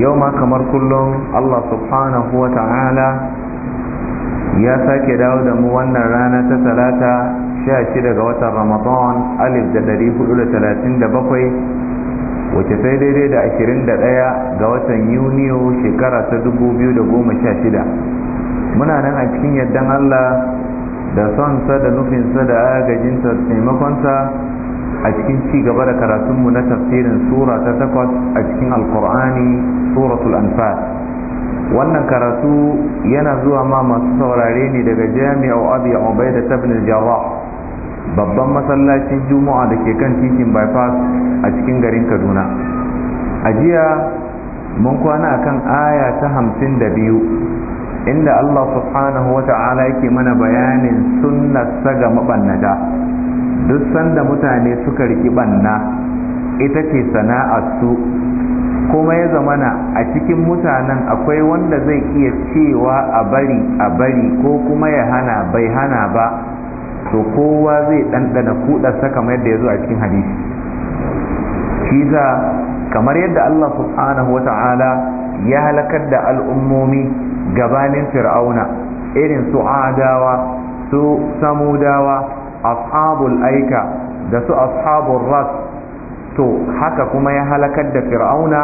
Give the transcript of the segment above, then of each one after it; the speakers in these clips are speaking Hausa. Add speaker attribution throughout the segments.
Speaker 1: yau ma kamar kullum Allah subhanahu wa ta'ala ya sake dawo da mu wannan rana ta talata sha shida ga watan ramadan
Speaker 2: alif da dari hudu da talatin da bakwai wace sai daidai da ashirin da ɗaya ga watan yuniyo shekara ta dubu goma sha shida muna nan
Speaker 1: a cikin yardan Allah da sonsa da nufinsa da agajinsa taimakonsa a cikin ci gaba da karatunmu na tafsirin sura ta takwas a cikin alkur'ani suratul anfal wannan karatu yana zuwa ma masu saurare ne daga jami'a abu ya da tabin jawa babban masallacin
Speaker 2: juma'a da ke kan titin bypass a cikin garin kaduna a jiya mun kwana akan aya ta hamsin da biyu inda allah subhanahu wa ta'ala yake mana bayanin sunnarsa saga mabannata duk sanda mutane suka riki banna ita ce su kuma ya zamana a cikin mutanen akwai wanda zai iya cewa a bari a bari ko kuma ya hana bai hana ba to kowa zai ɗanɗana kuɗarsa kamar yadda ya zo a cikin hadisi shi za kamar yadda Allah subhanahu wa ta'ala ya halakar da al'ummomi gabanin fir'auna irin su adawa su samudawa ashabul aika da su ashabul ras to haka kuma ya halakar da fir'auna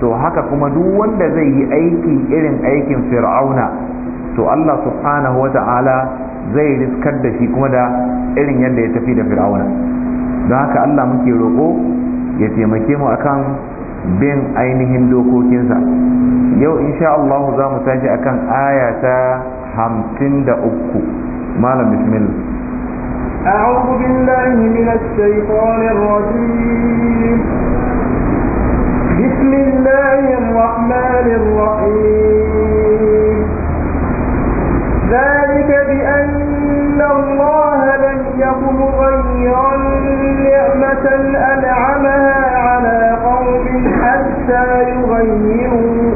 Speaker 2: to haka kuma duk wanda zai yi aiki irin aikin fir'auna to Allah subhanahu wa ta'ala zai riskar da shi kuma da irin yadda ya tafi da fir'auna don haka Allah muke roƙo ya taimake mu akan bin ainihin dokokinsa yau insha Allah za mu tashi akan aya ta
Speaker 1: hamsin da uku malam bismillah
Speaker 3: أعوذ بالله من الشيطان الرجيم بسم الله الرحمن الرحيم ذلك بأن الله لم يقم غيرا نعمة أنعمها على قوم حتى يغيروا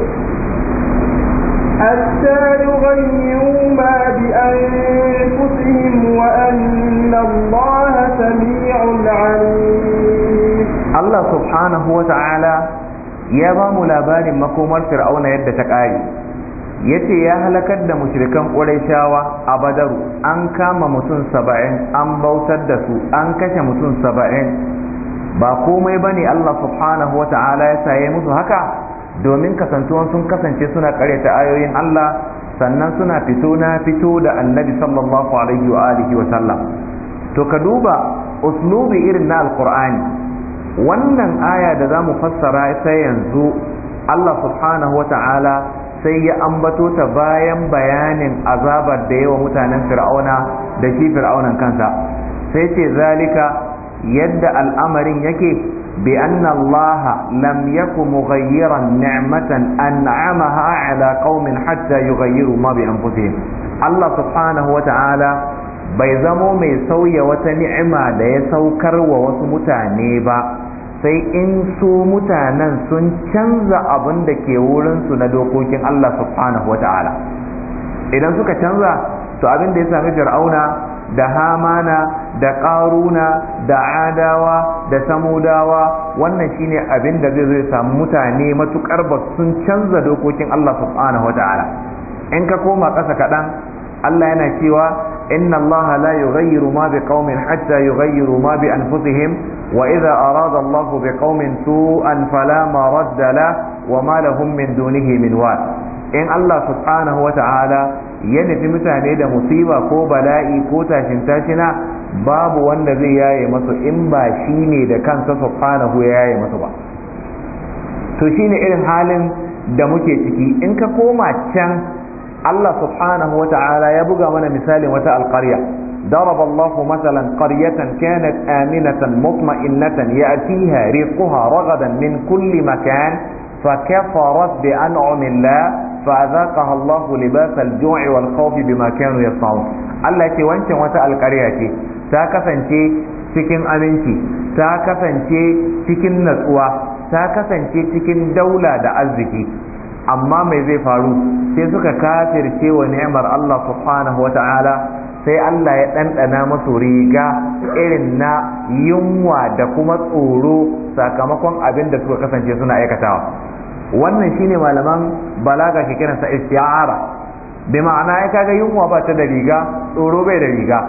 Speaker 3: حتى يغيروا ما بأنفسهم وأن إن الله سميع
Speaker 2: عليم الله سبحانه وتعالى يا بام لابان مكومر فرعون يد تكاي yace ya halakar da mushrikan ƙurayshawa a badaru an kama mutum saba'in an bautar da su an kashe mutum saba'in ba komai ba ne Allah subhanahu wa ta'ala ya saye musu haka domin kasantuwan sun kasance suna ta ayoyin Allah sannan suna fito na fito da annabi sallallahu alaihi wa alihi wa sallam to ka duba uslubi irin na alkur'ani wannan aya da za mu fassara ta yanzu allah subhanahu wa ta'ala sai ya ambato ta bayan bayanin azabar da yawa mutanen fir'auna da shi fir'aunan kansa sai ce zalika yadda al'amarin yake بأن الله لم يكن مغيرا نعمة أنعمها على قوم حتى يغيروا ما allah subhanahu wa وتعالى bai zamo mai sauya wata ni'ima da ya saukar wa wasu mutane ba sai in su mutanen sun canza abin da ke wurinsu na dokokin Allah subhanahu wata'ala idan suka canza to abin da ya sami fir'auna da hamana da ƙaruna da adawa da samudawa wannan shine abin da zai zai samu mutane matukar ba sun canza dokokin Allah subhanahu wata'ala in ka koma ƙasa kaɗan Allah yana cewa inna Allah la yughayyiru ma biqaumin hatta yughayyiru ma bi anfusihim wa idza arada Allah biqaumin su'an fala maradda la wa ma lahum min dunihi min wal in Allah subhanahu wa ta'ala ya nufi mutane da musiba ko bala'i ko tashin tashina babu wanda zai yaye masu in ba shi ne da kansa subhanahu ya yaye masu ba to shine irin halin da muke ciki in ka koma can Allah subhanahu wa ta'ala ya buga mana misalin wata alƙarya ضرب الله مثلا قرية كانت آمنة مطمئنة يأتيها رزقها رغدا من كل مكان فكفرت بأنعم الله فأذاقها الله لباس الجوع والخوف بما كانوا يصنعون الله يتي وانت وانت القرية تاكفنتي cikin aminci ta kasance cikin natsuwa ta kasance cikin daula da arziki amma mai zai faru sai suka kafir cewa ni'mar Allah subhanahu ta'ala sai Allah ya ɗanɗana masu riga irin na yunwa da kuma tsoro sakamakon abin da suka kasance suna aikatawa wannan shine malaman balaga ke kiransa isti'ara bi ma'ana ya kaga yunwa ba ta da riga tsoro bai da riga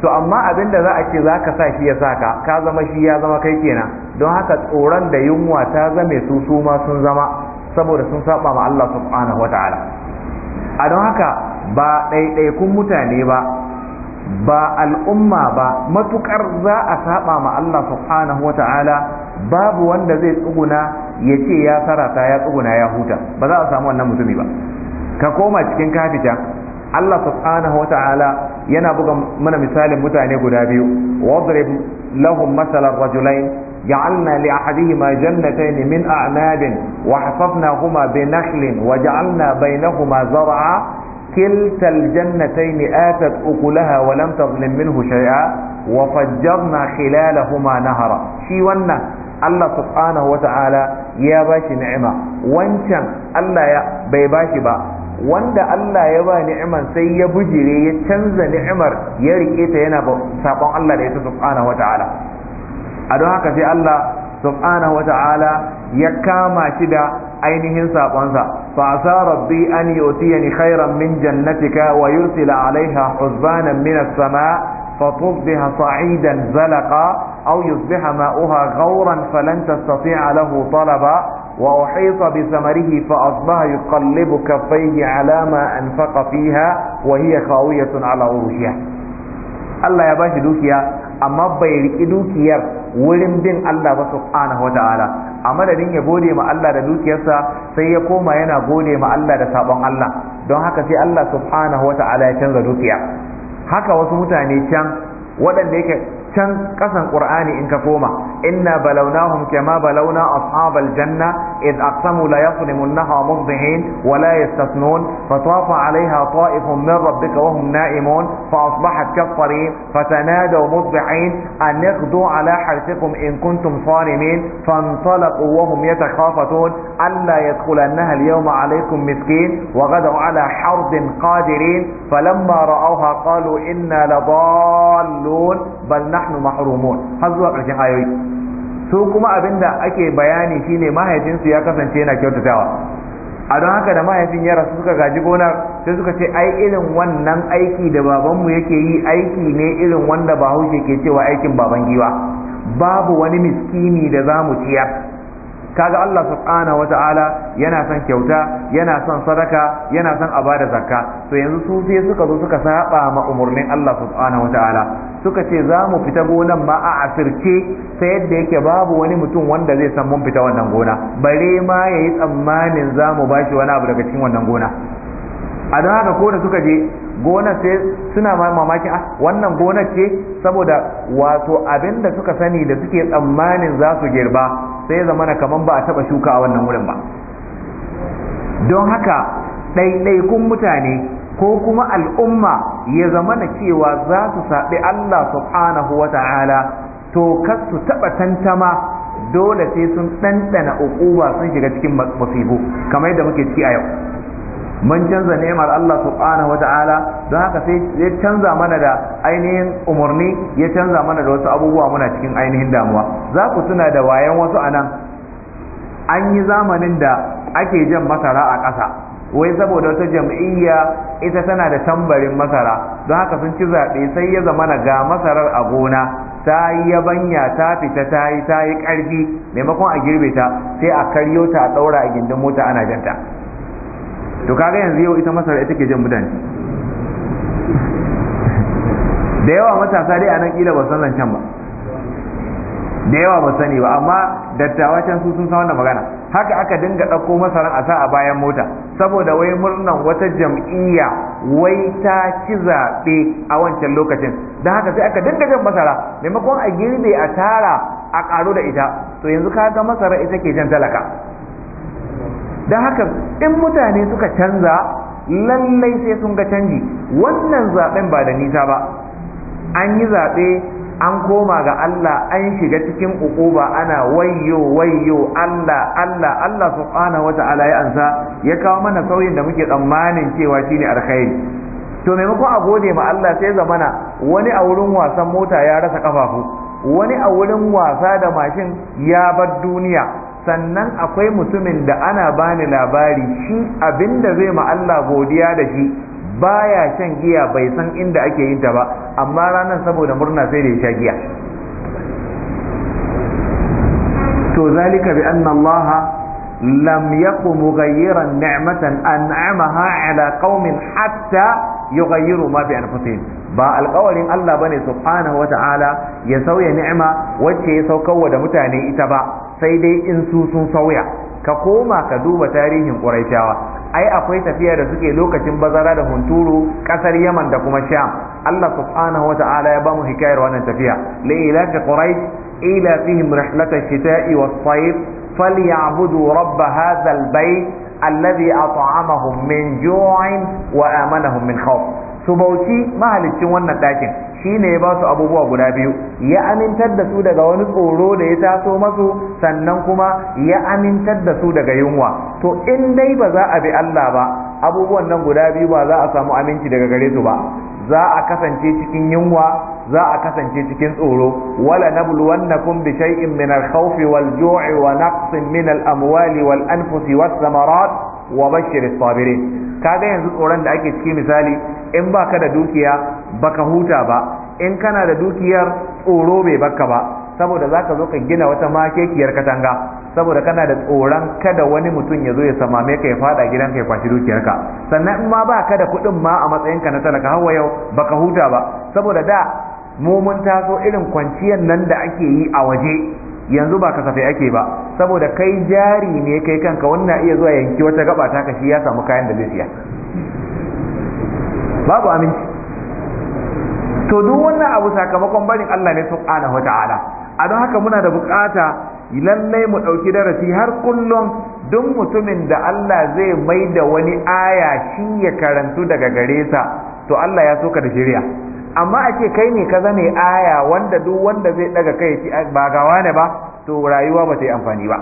Speaker 2: to amma abin da za a ce za ka sa shi ya sa ka ka zama shi ya zama kai kenan don haka tsoron da yunwa ta zame su su ma sun zama saboda sun saba ma Allah subhanahu wata'ala a don haka ba ɗaiɗaikun mutane ba ba al'umma ba matukar za a saba ma Allah subhanahu wata'ala babu wanda zai tsuguna ya ce ya sarata ya tsuguna ya huta ba za a samu wannan mutumi ba ka koma cikin kafita Allah subhanahu wata'ala yana buga mana misalin mutane guda biyu lahum masalan rajulain جعلنا لأحدهما جنتين من أعناب وحصفناهما بنخل وجعلنا بينهما زرعا كلتا الجنتين آتت أكلها ولم تظلم منه شيئا وفجرنا خلالهما نهرا شي ونا الله سبحانه وتعالى يا باشي نعمة وانشان الله يا بيباشي بقى wanda Allah ya ba ni'imar sai ya bujire ya canza ni'imar ya rike ta yana sabon Allah da ita subhanahu wataala a don haka sai Allah subhanahu wa ta'ala ya kama shi da ainihin saƙonsa fa asa rabbi an yutiyani khairan min jannatika wa yursila alaiha husbanan min as samaa fa sa'idan aw yusbiha ma'uha ghawran falan tastati'a lahu talaba wa uhita bi طلبا fa asbaha yuqallibu kaffayhi ala ma anfaqa fiha wa hiya khawiyatun ala عروشها Allah ya bashi dukiya amma bai riƙi dukiyar wurin bin Allah ba subhanahu wa ta'ala a madadin ya gode ma Allah da dukiyarsa sai ya koma yana gode ma Allah da sabon Allah don haka sai Allah subhanahu wa ta'ala ya canza dukiya haka wasu mutane can waɗanda yake can kasan qur'ani in ka koma inna balawnahum kama balawna ashabal janna id aqsamu la yasrimunnaha mudhihin wa la yastathnun fatafa 'alayha ta'ifun min rabbika wa hum na'imun fa asbahat kasfarin fatanadaw mudbihin an ighdu 'ala harthikum in kuntum sarimin fantalaqu wa hum yatakhafatun alla yadkhulannaha al-yawma 'alaykum miskin wa ghadaw 'ala hardin qadirin falamma ra'awha qalu inna ladallun bal nahnu mahrumun har zuwa ƙarshen ayoyi su kuma abinda ake bayani shine mahaifinsu ya kasance yana kyautatawa a don haka da mahaifin ya rasu suka gaji gona, sai suka ce ai irin wannan aiki da babanmu yake yi aiki ne irin wanda bahaushe ke cewa aikin baban giwa babu wani miskini da za mu ciyar kaga Allah subhanahu wata'ala yana son kyauta yana son sadaka yana son a bada zakka to yanzu su sai suka zo suka saba ma umurnin Allah subhanahu wata'ala suka ce za mu fita gonan ma a asirce ta yadda yake babu wani mutum wanda zai san mun fita wannan gona bare ma yayi tsammanin za mu bashi wani abu daga cikin wannan gona a don haka ko da suka je gonar sai suna mamakin ah wannan gonar ce saboda wato abin da suka sani da suke tsammanin za su girba sai zamana kamar ba a taba shuka a wannan wurin ba don haka ɗaiɗaikun mutane ko kuma al'umma ya zamana cewa za su saɓi Allah subhanahu wa ta'ala to kar su taɓa tantama dole sai sun ɗanɗana uquba sun shiga cikin masifu kamar yadda muke ciki a yau mun canza ni'imar Allah subhanahu wata'ala don haka sai ya canza mana da ainihin umarni ya canza mana da wasu abubuwa muna cikin ainihin damuwa za ku tuna da wayan wasu anan an yi zamanin da ake jan masara a ƙasa wai saboda wata jam'iyya ita tana da tambarin masara don haka sun ci zaɓe sai ya zamana ga masarar a gona ta yi yabanya ta fita ta yi ta yi ƙarfi maimakon a girbe ta sai a karyo ta a ɗaura a gindin mota ana janta to kaga yanzu yau ita masar ita ke jan mutane da yawa matasa dai a nan kila ba san zancen ba da yawa ba sani ba amma dattawa can su sun san wannan magana haka aka dinga ɗauko masaran a sa a bayan mota saboda wai murnan wata jam'iyya wai ta ci zaɓe a wancan lokacin don haka sai aka dinga jan masara maimakon a girbe a tara a ƙaro da ita to yanzu ka ga masara ita ke jan talaka don haka in mutane suka canza lallai sai sun ga canji wannan zaben ba da nisa ba an yi zaɓe an koma ga Allah an shiga cikin ukuba ana wayyo wayyo Allah Allah Allah subhanahu wa ta'ala ya ansa ya kawo mana sauyin da muke tsammanin cewa shine alkhairi to maimakon a gode ma Allah sai zamana wani a wurin wasan mota ya rasa kafafu wani a wurin wasa da mashin ya bar duniya sannan akwai mutumin da ana bani labari shi abinda zai ma Allah godiya da shi baya shan giya bai san inda ake yin ta ba amma ranar saboda murna sai da ya sha giya to zalika bi anna Allah lam yaku mughayyiran ni'matan an'amaha ala qaumin hatta yughayyiru ma bi anfusihim ba alƙawarin Allah bane subhanahu wata'ala ya sauya ni'ima wacce ya saukarwa da mutane ita ba sai dai in su sun sauya ka koma ka duba tarihin ƙuraishawa ai akwai tafiya da suke lokacin bazara da hunturu ƙasar yaman da kuma sham allah subhanahu wa ta'ala ya bamu hikayar wannan tafiya la ilafi quraish ila fihim rihlata shita'i was sayf falyabudu rabb hadha albayt alladhi at'amahum min ju'in wa amanahum min khawf su bauci mahaliccin wannan ɗakin shi ne ya ba su abubuwa guda biyu ya amintar da su daga wani tsoro da ya taso masu sannan kuma ya amintar da su daga yunwa to in dai ba za a bi Allah ba abubuwan nan guda biyu ba za a samu aminci daga gare su ba za a kasance cikin yunwa za a kasance cikin tsoro wala nabluwannakum bi shay'in min al-khawfi wal-ju'i wa naqsin min al-amwali wal-anfusi was-samarat wa bashirin sabire kaga yanzu tsoron da ake ciki misali in baka da dukiya baka huta ba in kana da dukiyar tsoro bai baka ba saboda za ka zo ka gina wata makekiyar katanga saboda kana da tsoron kada wani mutum ya zo ya samame ka ya fada gidan ka ya kwashi dukiyarka sannan in ma baka da kuɗin ma a matsayin ka na talaka hawa yau baka huta ba saboda da mu mun taso irin kwanciyar nan da ake yi a waje yanzu ba kasafai ake ba saboda kai jari ne kai kanka wannan iya zuwa yanki wata gaba ta kashi ya samu kayan da zai siya babu aminci to duk wannan abu sakamakon barin Allah ne subhanahu wata'ala a don haka muna da bukata lallai mu ɗauki darasi har kullum duk mutumin da Allah zai mai da wani aya shi ya karantu daga gare sa to Allah ya soka da shari'a amma a ce kai ne ka zame aya wanda duk wanda zai daga kai ci eh, ba ga wane ba to rayuwa ba ta yi amfani ba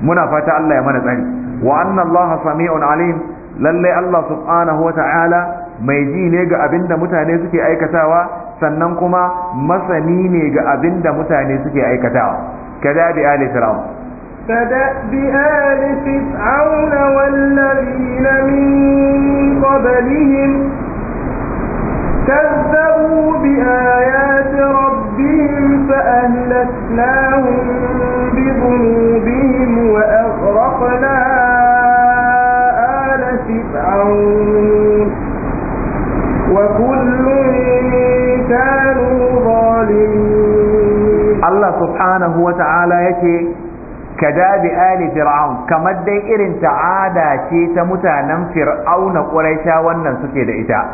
Speaker 2: muna fata Allah ya mana tsari wa anna Allah sami'un alim lalle Allah subhanahu wa ta'ala mai ji ne ga abinda mutane suke aikatawa sannan kuma masani ne ga abinda mutane suke aikatawa kada bi ali
Speaker 3: bi ali آل wal ladina min qablihim كذبوا بآيات ربهم فأهلكناهم بذنوبهم وأغرقنا آل فرعون وكل كانوا ظالمين
Speaker 2: الله سبحانه وتعالى يكي كداب آل فرعون كما دي تعادى تعادة شيء متانا فرعون قريشا ونن سكي إذا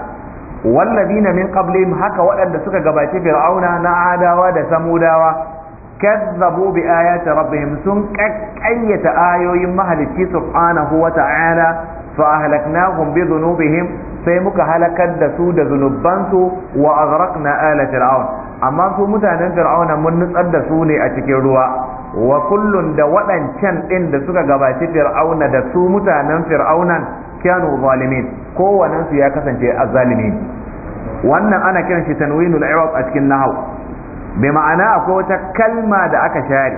Speaker 2: na min qablihim haka waɗanda suka gabaci fir'auna na adawa da samudawa kazzabu bi ayati rabbihim sun kakkayyata ayoyin mahalicci subhanahu Su ta'ala fa ahlaknahum bi dhunubihim sai muka halakar da su da zunubansu wa aghraqna ala fir'aun amma su mutanen fir'auna mun nutsar da su ne a cikin ruwa wa kullum da waɗancan ɗin da suka gabaci fir'auna da su mutanen fir'aunan kanu zalimin kowannen su ya kasance azzalimi wannan ana kiran shi tanwinul i'rab a cikin nahwu bi ma'ana akwai wata kalma da aka share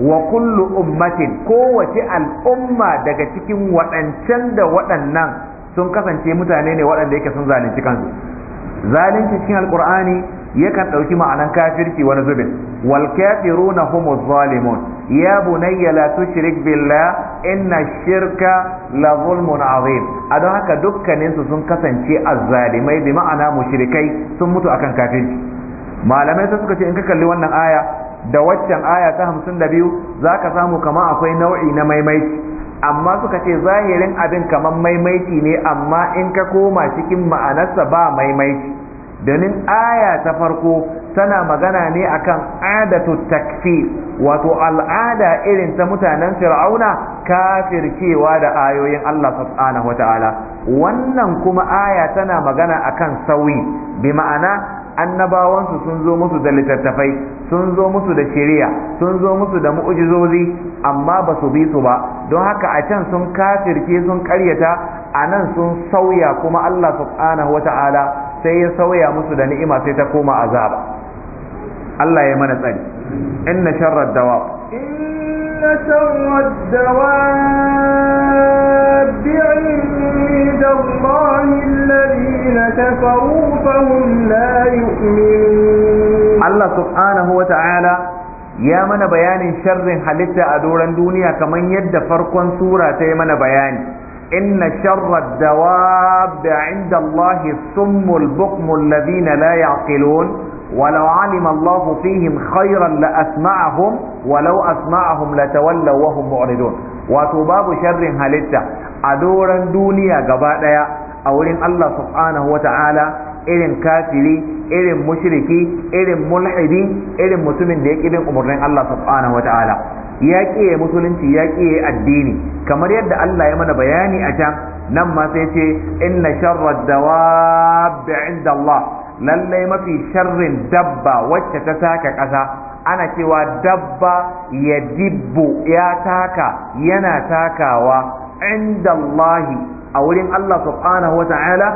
Speaker 2: wa kullu ummatin kowace al'umma daga cikin waɗancan da waɗannan sun kasance mutane ne waɗanda yake sun zalunci kansu zalunci cikin alqur'ani yakan ɗauki ma'anan kafirci wani zubin wal kafiruna humu zalimun ya bunayya la tushrik billah inna shirka la zulmun azim a don haka dukkanin su sun kasance azzalimai bi ma'ana mushrikai sun mutu akan kafirci malamai sai suka ce in ka kalli wannan aya da waccan aya ta 52 zaka samu kama akwai nau'i na maimaici amma suka ce zahirin abin kaman maimaiti ne amma in ka koma cikin ma'anarsa ba maimaiti domin aya ta farko tana magana ne akan adatu takfir wato al'ada irin ta mutanen fir'auna kafircewa da ayoyin Allah subhanahu wata'ala wannan kuma aya tana magana akan sauyi bi ma'ana annabawansu sun zo musu da littattafai sun zo musu da shari'a sun zo musu da mu'ujizozi amma ba su bi su ba don haka a can sun kafirce sun karyata a nan sun sauya kuma Allah subhanahu wata'ala sai ya sauya musu da ni'ima sai ta koma azaba Allah ya mana tsari inna sharrad dawa
Speaker 3: inna sharrad dawa عند الله الذين كفروا
Speaker 2: ya mana bayanin sharrin halitta a doron duniya kamar yadda farkon sura ta yi mana bayani إن شر الدواب عند الله السم البكم الذين لا يعقلون ولو علم الله فيهم خيرا لأسمعهم ولو أسمعهم لتولوا وهم معرضون وتباب شر هلتا أدورا دنيا قبادا أولين الله سبحانه وتعالى irin kafiri irin mushriki irin mulhidi irin mutumin da ya ƙi bin umarnin Allah subhanahu wa ta'ala ya ƙiye musulunci ya ƙiye addini kamar yadda Allah ya mana bayani a can nan ma sai ce inna sharrad dawab inda Allah lallai mafi sharrin dabba wacce ta taka ƙasa ana cewa dabba ya dibbo ya taka yana takawa inda Allah a wurin Allah subhanahu wa ta'ala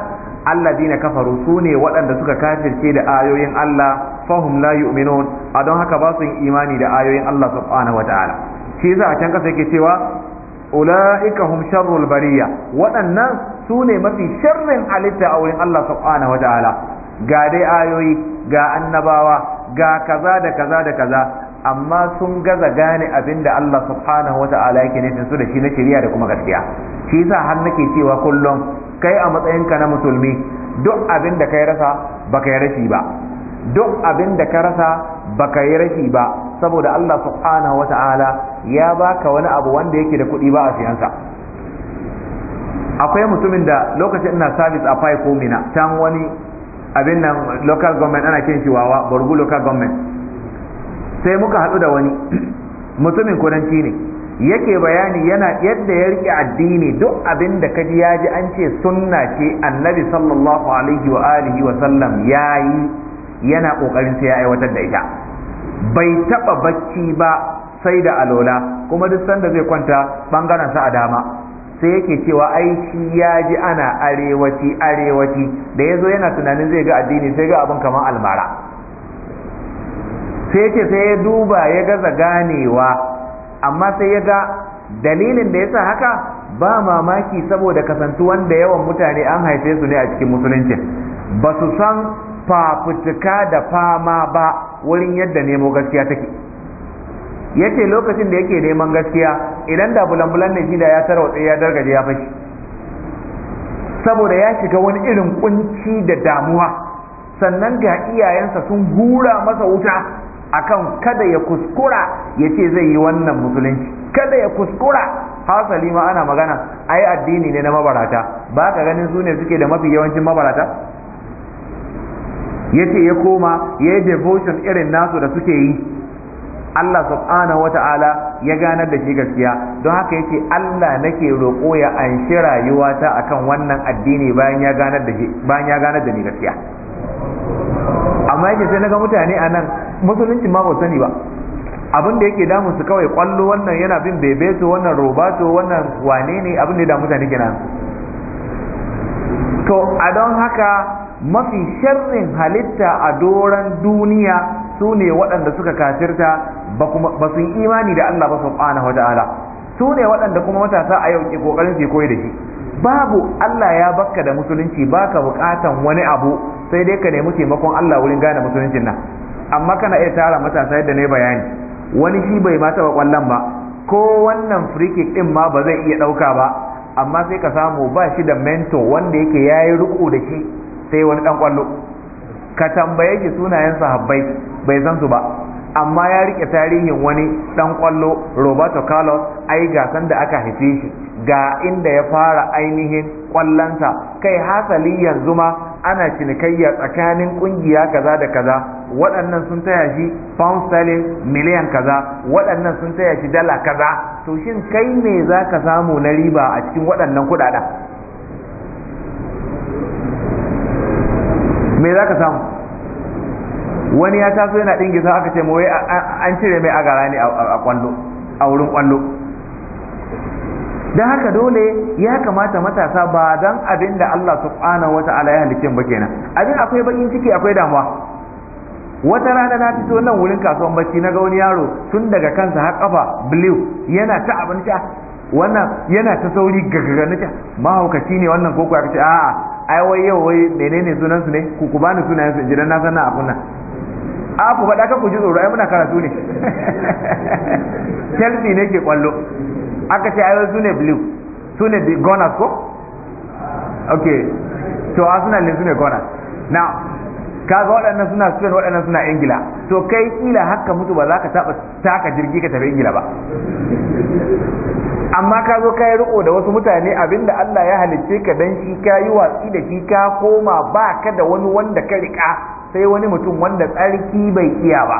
Speaker 2: alladina kafaru sune waɗanda suka kafirce da ayoyin Allah fahum la yu'minun a don haka ba su yin imani da ayoyin Allah subhanahu ta'ala shi yasa a can kasa yake cewa ulaika hum sharrul bariya waɗannan su ne mafi sharrin halitta a wurin Allah subhanahu ta'ala ga dai ayoyi ga annabawa ga kaza da kaza da kaza amma sun gaza gane abinda da Allah subhanahu ta'ala yake nufin su da shi na shari'a da kuma gaskiya shi yasa har nake cewa kullum kai a matsayinka na musulmi duk abin da kai rasa baka yi rashi ba duk abin da ka rasa baka yi rashi ba saboda Allah subhanahu Ta'ala ya baka wani abu wanda yake da kuɗi ba a siyansa akwai mutumin da lokacin ina service a fai ko mina can wani abin nan local government ana kin shi wawa borgu local government sai muka haɗu da wani mutumin kudanci ne yake bayani yana yadda ya rike addini duk abin da kaji ya ji an ce sunna ce annabi sallallahu alaihi wa alihi wa sallam yayi yana ƙoƙarin sai ya aiwatar da ita bai taɓa bacci ba sai da alola kuma duk sanda zai kwanta ɓangaren sa a dama sai yake cewa ai shi ya ji ana arewaci arewaci da ya zo yana tunanin zai ga addini sai ga abin kamar almara sai yake sai ya duba ya gaza ganewa amma sai ya ga dalilin da ya sa haka ba mamaki saboda kasantuwan da yawan mutane an haife su ne a cikin musulunci, ba su san fafutuka da fama ba wurin yadda nemo gaskiya take yace lokacin da yake neman gaskiya idan da bulan-bulan ne shi da ya tarwatsa ya dargaje ya fashi saboda ya shiga wani irin kunci da damuwa sannan ga iyayensa sun gura masa wuta akan kada ya kuskura ya ce zai yi wannan musulunci kada ya kuskura hasali ma ana magana ai addini ne na mabarata ba ka ganin su ne suke da mafi yawancin mabarata yace ya koma ya yi devotion irin nasu da suke yi Allah subhanahu ta'ala ya ganar da shi gaskiya don haka yace Allah nake roƙo ya anshi rayuwata akan wannan addini bayan ya ganar da bayan ya ganar da ni gaskiya amma yake sai naga mutane a nan musulunci ma ba sani ba abin da yake damun su kawai kwallo wannan yana bin bebeto wannan robato wannan wane ne abin da ya damu mutane kenan to a don haka mafi sharrin halitta a doron duniya su ne waɗanda suka kafirta ba su yi imani da Allah ba subhanahu wa ta'ala su ne waɗanda kuma matasa a yau ke kokarin su koyi da shi babu Allah ya bakka da musulunci baka buƙatan wani abu sai dai ka nemi taimakon Allah wurin gane musuluncin nan amma kana iya tara matasa yadda ne bayani wani shi bai mata ba kwallon ba ko wannan free kick din ma ba zai iya ɗauka ba amma sai ka samu ba shi da mentor wanda yake yayi riko da shi sai wani dan kwallo ka tambaye ki sunayen sahabbai bai san su ba amma ya rike tarihin wani dan kwallo Roberto Carlos ai gasan da aka haife shi ga inda ya fara ainihin kwallonsa kai hasali yanzu ma ana cinikayya tsakanin ƙungiya kaza da kaza waɗannan sun taya shi pound sterling miliyan kaza waɗannan sun taya shi dala kaza to shin kai ne za ka samu na riba a cikin waɗannan kuɗaɗen me za ka samu wani ya taso yana ɗingisa aka ce wai an cire mai agara ne a a wurin kwallo Da haka dole ya kamata matasa ba don abin da Allah subhanahu wa ta'ala ya halicce ba kenan abin akwai bakin ciki akwai damuwa wata rana na fito nan wurin kasuwan bacci na ga wani yaro tun daga kansa har kafa blue yana ta abinci wannan yana ta sauri gaggaga na mahaukaci ne wannan koko ya ce a'a ai wai yau wai menene sunan su ne ku ku bani sunayen su jidan na san na abun nan a ku faɗa ka ku ji tsoro ai muna karatu ne Chelsea ne ke kwallo aka ce ai su ne blue su ne the gunners ko okay to Arsenal ne su ne gunners now kaga waɗannan suna Spain waɗannan suna Ingila to kai kila haka mutu ba za ka taɓa taka jirgi ka tafi Ingila ba amma ka zo ka yi riko da wasu mutane abinda Allah ya halicce ka dan shi ka yi watsi da shi ka koma ba ka da wani wanda ka riƙa sai wani mutum wanda tsarki bai iya ba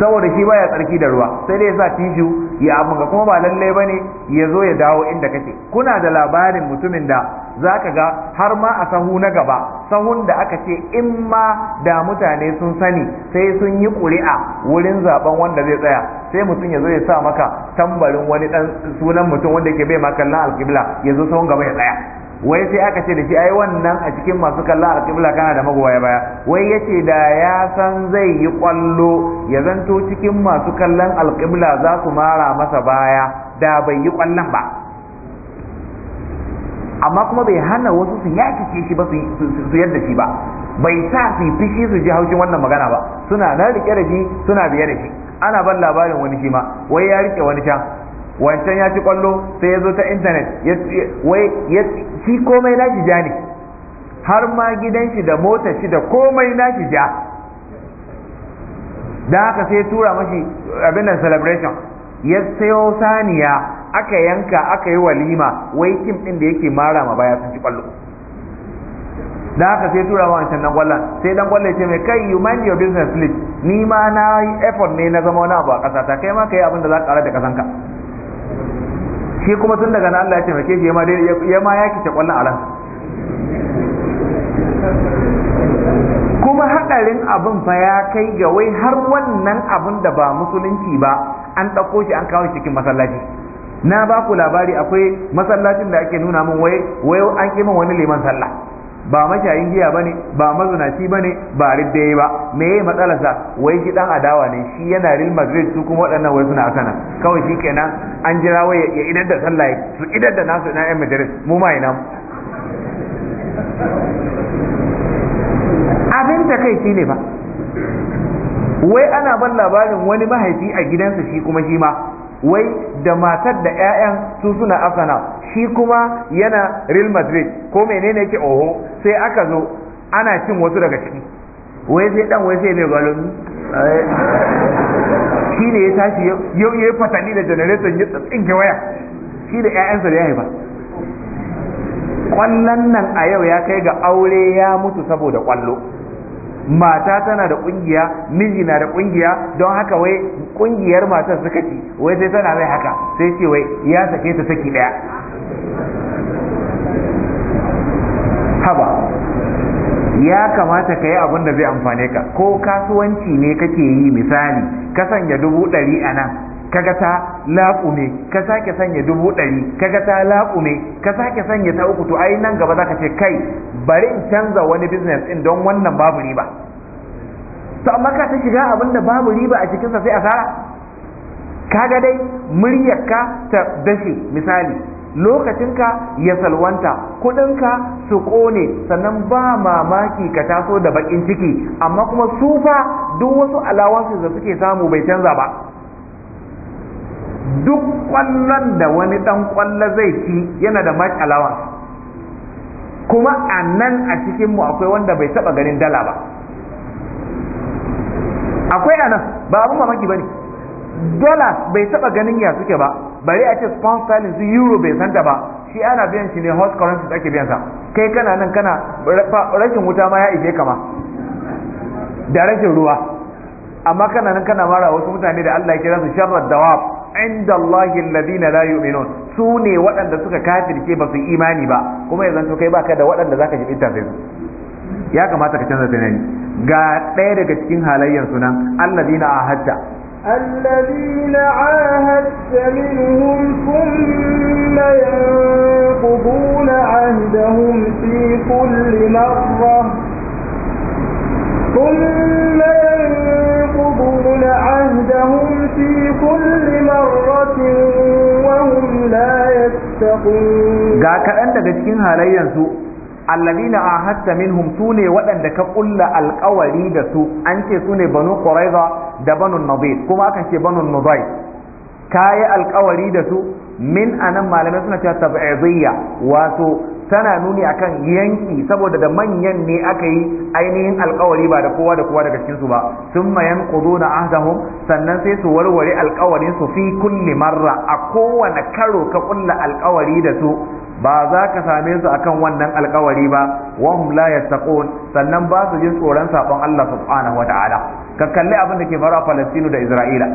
Speaker 2: saboda shi baya tsarki da ruwa sai dai sa tishu ya ga kuma ba lalle bane ya zo ya dawo inda kake kuna da labarin mutumin da za ka ga har ma a sahu na gaba sahun da aka ce in ma da mutane sun sani sai sun yi ƙuri'a wurin zaɓen wanda zai tsaya sai mutum ya zo ya sa maka tambarin wani dan sunan mutum wanda ke bai ma kallon alƙibla ya zo sahun gaba ya tsaya wai sai aka ce da shi ai wannan a cikin masu kallon alƙibla kana da magoya baya wai yace da ya san zai yi kwallo ya zanto cikin masu kallon alƙibla za su mara masa baya da bai yi ƙwallon ba amma kuma bai hana wasu su yakice shi ba su yadda shi ba bai sa su fishi su ji haushin wannan magana ba suna nan rike da shi suna biye da shi ana ban labarin wani shi ma wai ya rike wani can wancan ya ci kwallo sai ya zo ta intanet wai shi komai na shi ja ne har ma gidan shi da motar shi da komai na shi ja da haka sai tura mashi abin nan celebration ya sayo saniya aka yanka aka yi walima wai tim din da yake mara ma baya sun ci kwallo da haka sai tura ma wancan nan kwallon sai dan kwallon ce mai kai you mind your business please ni ma na yi effort ne na zama wani abu a kasa ta kai ma kai abin da za ka kara da kasanka shi kuma tun daga nan Allah ya mai shi ma dai ya ma ya kice kwallon a ran kuma hadarin abin fa ya kai ga wai har wannan abin da ba musulunci ba an ɗauko shi an kawo cikin masallaci na ba ku labari akwai masallacin da ake nuna min wai wai an kima wani liman sallah ba mashayin giya bane ba mazunaci bane ba riddaye ba me yayi matsalarsa wai shi dan adawa ne shi yana Real Madrid su kuma waɗannan wai suna asana. kawai shi kenan an jira wai ya idar da sallah su idar da nasu na Madrid mu ma ina abin takaici ne ba wai ana ban labarin wani mahaifi a gidansa shi kuma shi ma wai da matar da 'ya'yan su suna asana shi kuma yana real madrid ko menene yake oho sai aka zo ana cin wasu daga ciki wai sai dan wai sai mai gwalon shi ne ya tashi yau ya yi fatani da janareton ya tsinke waya shi da 'ya'yansa da ya haifa kwallon nan a yau ya kai ga aure ya mutu saboda kwallo mata tana da kungiya miji na da kungiya don haka wai kungiyar matar suka ci wai sai tana mai haka sai ce wai ya sake ta saki daya haba ya kamata ka yi abin da zai amfane ka ko kasuwanci ne kake yi misali ka sanya dubu ɗari a nan kaga ta laƙume ka sake sanya dubu ɗari kaga ta laƙume ka sake sanya ta uku to ai nan gaba zaka ce kai bari in canza wani business din don wannan babu riba to amma ka ta shiga abin da babu riba a cikinsa sai asara kaga dai muryar ka ta dashe misali lokacinka ya salwanta kuɗinka su ƙone sannan ba mamaki ka taso da baƙin ciki amma kuma sufa duk wasu alawansu da suke samu bai canza ba duk kwallon da wani ɗan kwallo zai ci yana da match allowance kuma a nan a cikin mu akwai wanda bai taba ganin dala ba akwai a nan ba abin mamaki ba ne dollars bai taba ganin ya suke ba bari a ce pound sterling su euro bai santa ba shi ana biyan shi ne hot currency ake biyan sa kai kana nan kana rashin wuta ma ya ishe kama da rashin ruwa amma kana nan kana mara wasu mutane da Allah ya kira su sharrar dawab inda Allahi alladhina la yu'minun su ne waɗanda suka kafirce ba su imani ba kuma yanzu to kai baka da waɗanda zaka ji inta sai ya kamata ka canza tunani ga ɗaya daga cikin halayyar sunan alladhina
Speaker 3: ahadta الذين عاهدت منهم ثم ينقضون عهدهم في كل مرة ثم ينقضون عهدهم في كل مرة وهم لا يتقون
Speaker 2: ga kaɗan daga cikin halayyarsu allazina ahadta minhum sune waɗanda ka ƙulla alƙawari da su an ce sune banu quraiza da banu nadir kuma akan ce banu nudair kayi alƙawari da su min anan malamai suna cewa tab'idiyya wato tana nuni akan yanki saboda da manyan ne aka yi ainihin alkawari ba da kowa da kowa daga cikin su ba kudu na ahdahum sannan sai su warware alkawarin su fi kulli marra a kowane karo ka kulla alkawari da su ba za ka same su akan wannan alkawari ba wahum la yattaqun sannan ba su jin tsoron sabon Allah subhanahu wataala ka kalli abin da ke faruwa Falastinu da Isra'ila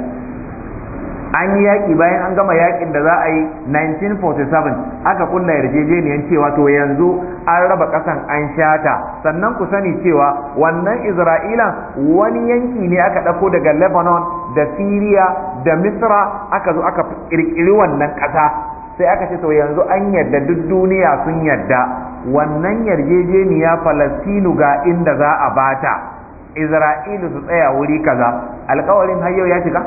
Speaker 2: an yi yaƙi bayan an gama yaƙin da za a yi 1947 aka kunna yarjejeniyar cewa to yanzu an raba ƙasan an shata sannan ku sani cewa wannan isra'ila wani yanki ne aka ɗauko daga lebanon da syria da misra aka zo aka ƙirƙiri wannan ƙasa sai aka ce to yanzu an yarda duk duniya sun yarda wannan yarjejeniya falastinu ga inda za a bata isra'ilu su tsaya wuri kaza alkawarin har ya shiga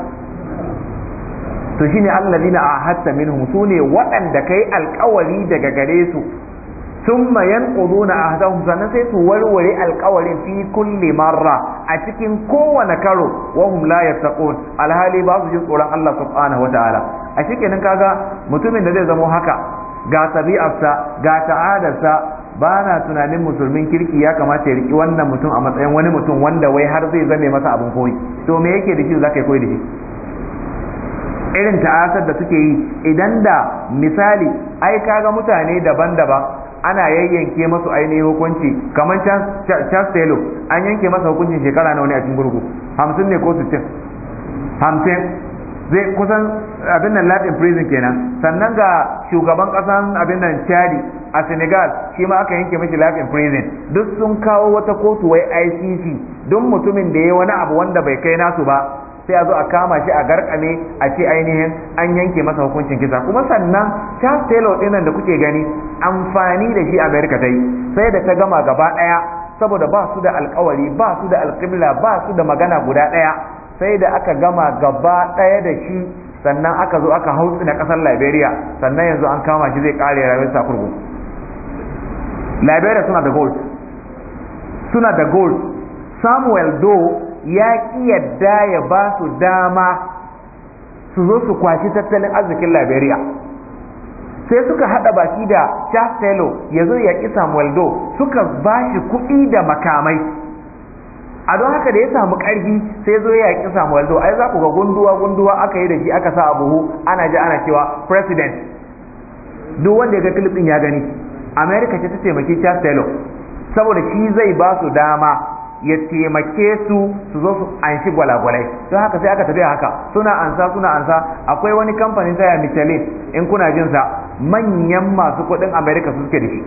Speaker 2: to shi shine allazina min minhum sune waɗanda kai alkawari daga gare su na yanquduna ahdahum sannan sai su warware alkawarin fi kulli marra a cikin kowane karo wa hula ya yattaqun alhali ba su jin tsoron Allah subhanahu wataala a shikenan kaga mutumin da zai zamo haka ga tabi'arsa ga ta'adarsa ba na tunanin musulmin kirki ya kamata ya riki wannan mutum a matsayin wani mutum wanda wai har zai zame masa abin koyi to me yake da shi zaka koyi da shi irin ta'asar da suke yi idan da misali ai kaga mutane daban-daban ana yayyanke masu ainihin hukunci kamar Charles Taylor an yanke masa hukuncin shekara nawa ne a cikin gurgu hamsin ne ko sittin hamsin zai kusan abin nan latin prison kenan sannan ga shugaban kasan abin nan chadi a senegal shi ma aka yanke mashi latin prison duk sun kawo wata kotu wai icc duk mutumin da ya wani abu wanda bai kai nasu ba sai a zo a kama shi a garkame a ce ainihin an yanke masa hukuncin kisa kuma sannan Charles Taylor dinnan da kuke gani amfani da shi America ta sai da ta gama gaba daya saboda ba su da alkawari ba su da alƙibla ba su da magana guda daya sai da aka gama gaba daya da shi sannan aka zo aka hautsi na kasar Liberia sannan yanzu an kama shi zai kare rayuwar sa kurkuku Liberia suna da gold suna da gold Samuel Doe ya ƙi yadda ya ba su dama su zo su kwashi tattalin arzikin liberia sai suka haɗa baki da Chastello ya zo ya ƙi samuel suka ba shi kuɗi da makamai a don haka da ya samu ƙarfi sai zo ya ƙi samuel doe ai za ku ga gunduwa gunduwa aka yi da shi aka sa a buhu ana ji ana cewa president duk wanda ya ga clip ya gani america ce ta taimaki Chastello, saboda shi zai ba su dama ya taimake su su zo su anshi gwalagwalai don haka sai aka tafi haka suna ansa suna ansa akwai wani kamfanin taya michelin in kuna jin sa manyan masu kuɗin america su suke da shi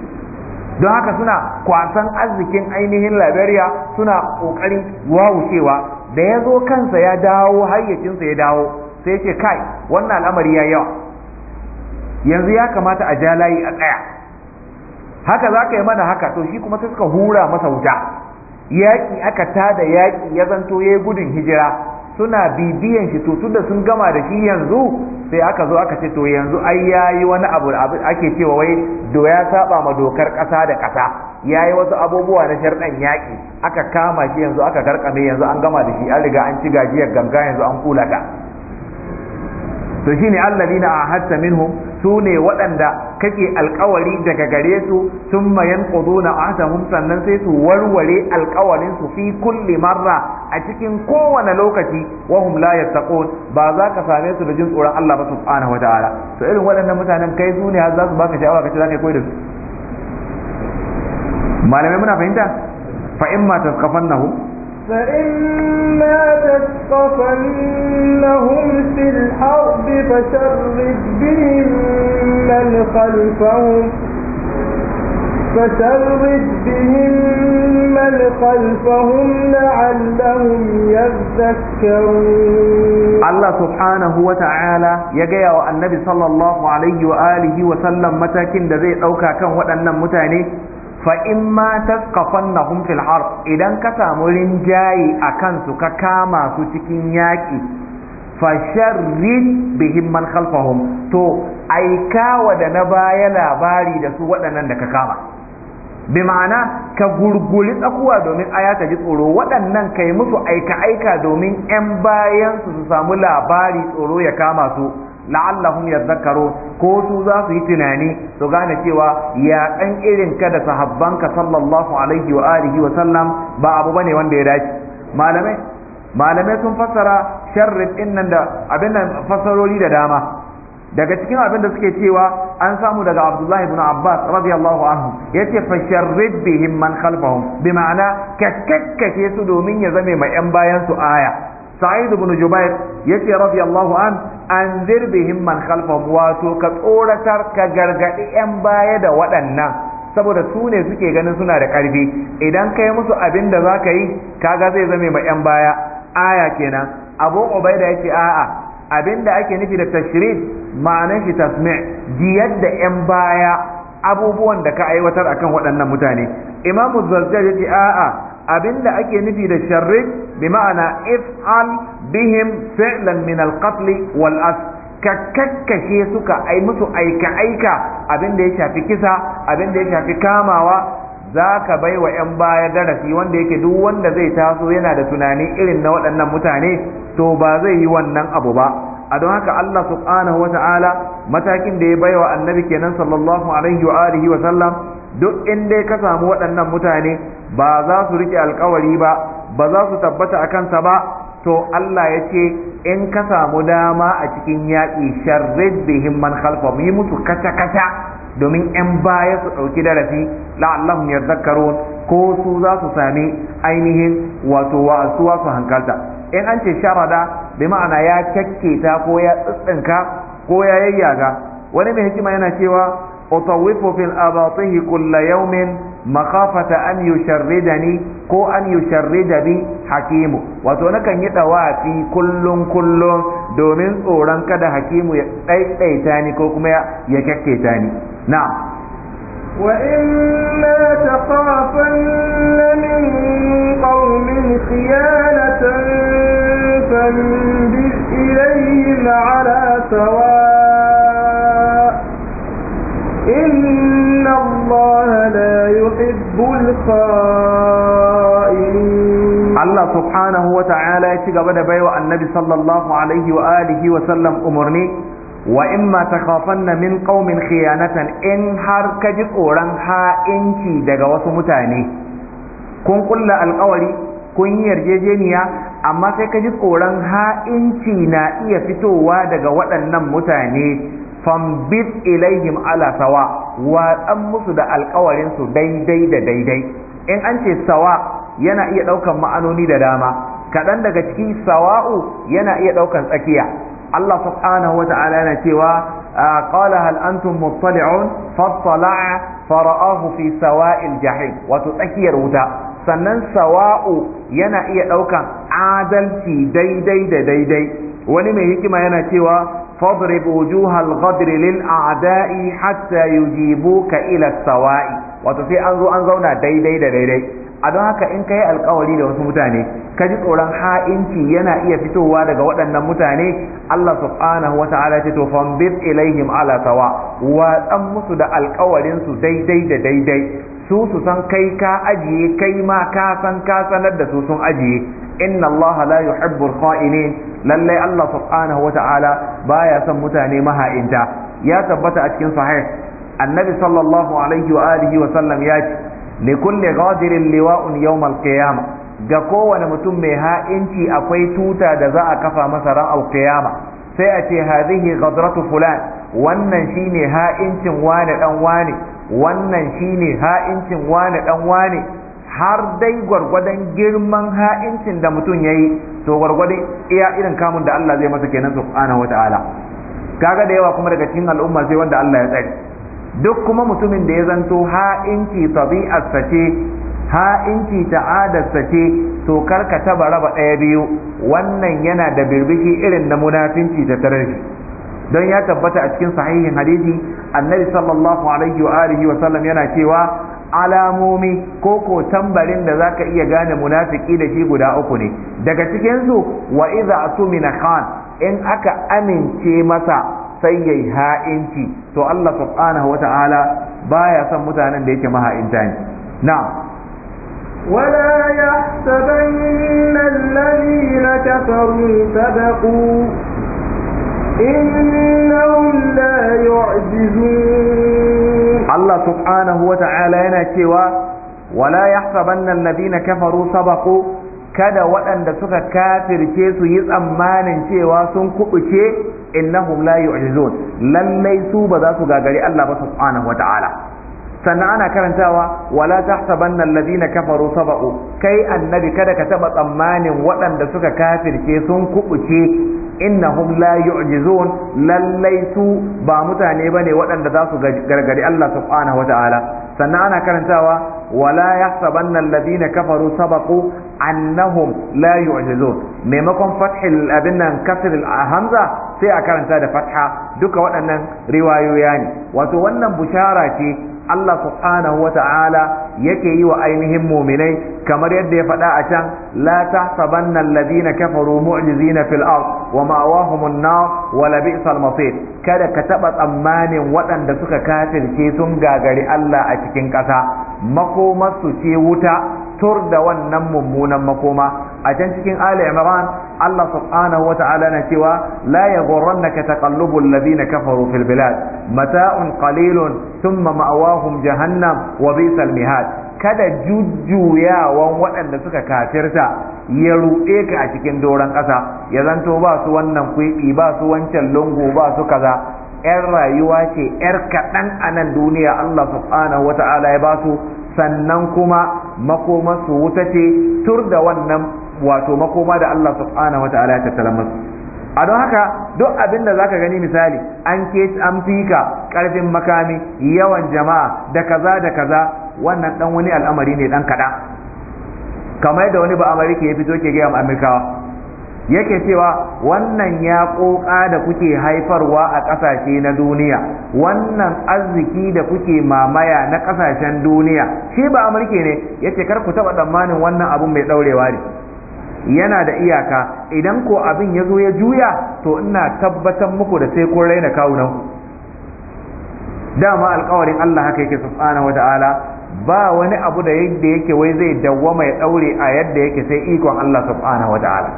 Speaker 2: don haka suna kwasan arzikin ainihin liberia suna ƙoƙarin wawucewa. da ya zo kansa ya dawo hayyacinsa ya dawo sai ce kai wannan al'amari ya yawa yanzu ya kamata a ja layi a tsaya haka za ka yi mana haka to shi kuma sai suka hura masa wuta yaƙi aka tada yaƙi ya zanto ya yi gudun hijira suna bibiyan shi to tunda sun gama da shi yanzu sai aka zo aka ce to yanzu ai yayi wani abu ake cewa wai do ya saba ma dokar ƙasa da ƙasa yayi wasu abubuwa na sharɗan yaƙi aka kama shi yanzu aka karkame yanzu an gama da shi an riga an ci gajiyar ganga yanzu an kula ta to shine allazina ahadta minhum sune waɗanda kake alkawari daga gare su sun mayan ƙuduna ahdahum sannan sai su warware alkawarin su fi kulli marra a cikin kowane lokaci wa hum la yattaqun ba za ka same su da jin tsoron Allah ba subhanahu wataala to irin waɗannan mutanen kai su ne za su baka sha'awa ka za ka koyi da su malamai muna fahimta fa in ma
Speaker 3: فإما تثقفنهم في الحرب فشرد بهم من خلفهم فشرد بهم من خلفهم لعلهم يذكرون
Speaker 2: الله سبحانه وتعالى يجايا النبي صلى الله عليه وآله وسلم متى da zai أوكا كان waɗannan متاني fa in ma tasqafannahum fil harb idan ka samu rinjayi akan su ka kama su cikin yaƙi sharrin bihim man khalfahum to aikawa da na baya labari da su waɗannan da ka kama bi ma'ana ka gurguli tsakuwa domin aya ka ji tsoro waɗannan ka musu aika aika domin 'yan bayan su su samu labari tsoro ya kama su la'allahum yadhakkaru ko su za su yi tunani su gane cewa ya dan irin ka da sahabbanka sallallahu alaihi wa alihi wa sallam ba abu bane wanda ya dace malamai malamai sun fassara sharrin din da abin nan fassarori da dama daga cikin abin da suke cewa an samu daga Abdullahi ibn Abbas radiyallahu anhu yace fa sharrid bihim man khalfahum bi ma'ana kakkakkake su domin ya zame mai yan bayan su aya Sa'id ibn Jubair yace radiyallahu an an zirbihim man khalfahum wato ka tsoratar ka gargaɗi yan baya da waɗannan saboda su ne suke ganin suna da ƙarfi idan ka yi musu abin da za ka yi kaga zai zame ma yan baya aya kenan abu ubaida yake a'a abin da ake nufi da tashrif ma'anar shi tasmi' jiyar da yan baya abubuwan da ka aiwatar akan waɗannan mutane imamu zazzar yace a'a abin da ake nufi da sharrik bi ma'ana if'al bihim fi'lan min al-qatl wal asr suka ai musu aika aika abin da ya shafi kisa abin da ya shafi kamawa za ka bai wa 'yan baya darasi wanda yake duk wanda zai taso yana da tunani irin na waɗannan mutane to ba zai yi wannan abu ba a don haka Allah subhanahu wa ta'ala matakin da ya bai wa annabi kenan sallallahu alaihi wa alihi wa sallam duk inda ka samu waɗannan mutane ba za su riƙe alkawari ba ba za su tabbata a kansa ba to Allah ya ce in ka samu dama a cikin yaƙi sharrid bihim man khalfa mu yi kaca domin 'yan baya su ɗauki darasi la'allahum yadhakkarun ko su za su sami ainihin wato wa'asuwa su hankalta in an ce sharada bi ma'ana ya kyakketa ko ya tsitsinka ko ya yayyaga wani mai hikima yana cewa utawwifu fil abatihi kulla yawmin makafata an ni ko an yusharridani hakimu wato nakan yi dawafi kullun kullun domin tsoron kada hakimu ya ɗaiɗaita ni ko kuma ya kyakketa ni na'am
Speaker 3: وإما تخافن من قوم خيانة فانبذ إليهم على سواء إن الله لا يحب
Speaker 2: الخائنين الله سبحانه وتعالى يتقبل بيوى النبي صلى الله عليه وآله وسلم أمرني وإما تخافن من قوم خيانة إن حركج قران هائنتي دقوة متاني كن قل القولي kun yi yarjejeniya amma sai ka ji tsoron ha'inci na iya fitowa daga waɗannan mutane fambid ilaihim ala sawa watsan musu da alkawarinsu daidai da daidai in an ce sawa yana iya ɗaukan ma'anoni da dama kaɗan daga cikin sawa'u yana iya ɗaukan tsakiya Allah subhanahu wa ta'ala yana cewa قال هل muttali'un مطلعون فاطلع fi sawa'il سواء الجحيم tsakiyar wuta sannan sawa'u yana iya ɗaukan adalci daidai da daidai wani mai hikima yana cewa فاضرب وجوه الغدر للأعداء حتى يجيبوك إلى wato sai an zo an zauna daidai da daidai a don haka in ka yi alkawari da wasu mutane ka ji tsoron ha'inci yana iya fitowa daga waɗannan mutane Allah subhanahu wa ta'ala ce to fambit ilaihim ala sawa watsan musu da alkawarin su daidai da daidai su su san kai ka ajiye kai ma ka san ka sanar da su sun ajiye inna Allah la yuhibbul kha'inin lallai Allah subhanahu wata'ala baya son mutane maha'inta ya tabbata a cikin sahih annabi sallallahu alaihi wa alihi wa sallam ya ce li kulli ghadirin liwa'un yawm al-qiyamah ga kowane mutum mai ha'inci akwai tuta da za a kafa masa ran al-qiyama sai a ce hadhihi ghadratu fulan wannan shine ha'incin wane dan wane wannan shine ha'incin wane dan wani. har dai gwargwadon girman ha'incin da mutum ya yi to gwargwadon iya irin kamun da Allah zai masa kenan subhanahu wa ta'ala kaga da yawa kuma daga cikin al'umma sai wanda Allah ya tsare duk kuma mutumin da ya zanto ha'inci sa ce ha'inci sa ce to karka taba raba ɗaya biyu wannan yana da birbiki irin na munafinci da tarihi don ya tabbata a cikin sahihin hadisi annabi sallallahu alaihi wa alihi wa sallam yana cewa alamomi ko ko tambarin da zaka iya gane munafiki da shi guda uku ne daga cikin su wa idza atumina khan in aka amince masa sai yayi ha'inci to Allah subhanahu wata'ala baya son mutanen da yake maha'inta ne na
Speaker 3: ولا يحسبن الذين كفروا سبقوا إنهم لا يعجزون
Speaker 2: Allah subhanahu wa ta'ala yana cewa wala yahsabanna alladhina kafaru sabaqu kada waɗanda suka kafirce su yi tsammanin cewa sun kubuce innahum la yu'jizun lallai su ba za su gagari Allah ba subhanahu wa ta'ala sannan ana karantawa wala tahsabanna alladhina kafaru sabaqu kai annabi kada ka taba tsammanin waɗanda suka kafirce sun kubuce innahum la yu'jizun lallai su ba mutane bane waɗanda za su gargadi Allah subhanahu Ta'ala. sannan ana karantawa wala yahsabanna alladhina kafaru sabaqu annahum la yu'jizun maimakon fathil abin nan kasr hamza sai a karanta da fatha duka waɗannan riwayoya ne wato wannan bushara ce Allah subhanahu wa ta'ala yake yi wa ainihin muminai kamar yadda ya faɗa a can la tahsabanna alladhina kafaru mu'jizina fil ard wa ma'awahum an-nar wa la bi'sal masir kada ka taɓa tsammanin waɗanda suka kafirce sun gagari Allah a cikin ƙasa makomarsu ce wuta tur da wannan mummunan makoma a can cikin ali imran Allah subhanahu wa ta'ala na cewa la yaghurrannaka taqallubul ladina kafaru fil bilad mata'un qalilun thumma ma'awahum jahannam wa bisal mihad kada jujjuyawan waɗanda suka kafirta ya ruɗe ka a cikin doron ƙasa ya zanto ba su wannan kwiɓi ba su wancan lungu ba su kaza 'yan rayuwa ce 'yar kaɗan a nan duniya Allah subhanahu wa ta'ala ya ba su sannan kuma makoma su wuta ce tur da wannan wato makoma da Allah subhanahu wataala ya tattala musu a don haka duk abin da zaka gani misali an ke an fika karfin makami yawan jama'a da kaza da kaza wannan dan wani al'amari ne dan kada kamar da wani ba amari ya fito ke gaya ma amurkawa yake cewa wannan ya ƙoƙa da kuke haifarwa a ƙasashe na duniya wannan arziki da kuke mamaya na ƙasashen duniya shi ba amurke ne ya kar ku taɓa tsammanin wannan abin mai ɗaurewa ne yana da iyaka idan ko abin ya zo ya juya to ina tabbatar muku da sai kun raina kawunan dama alkawarin Allah haka yake subhanahu wata'ala ba wani abu da yadda yake wai zai dawwama ya ɗaure a yadda yake sai ikon Allah subhanahu wata'ala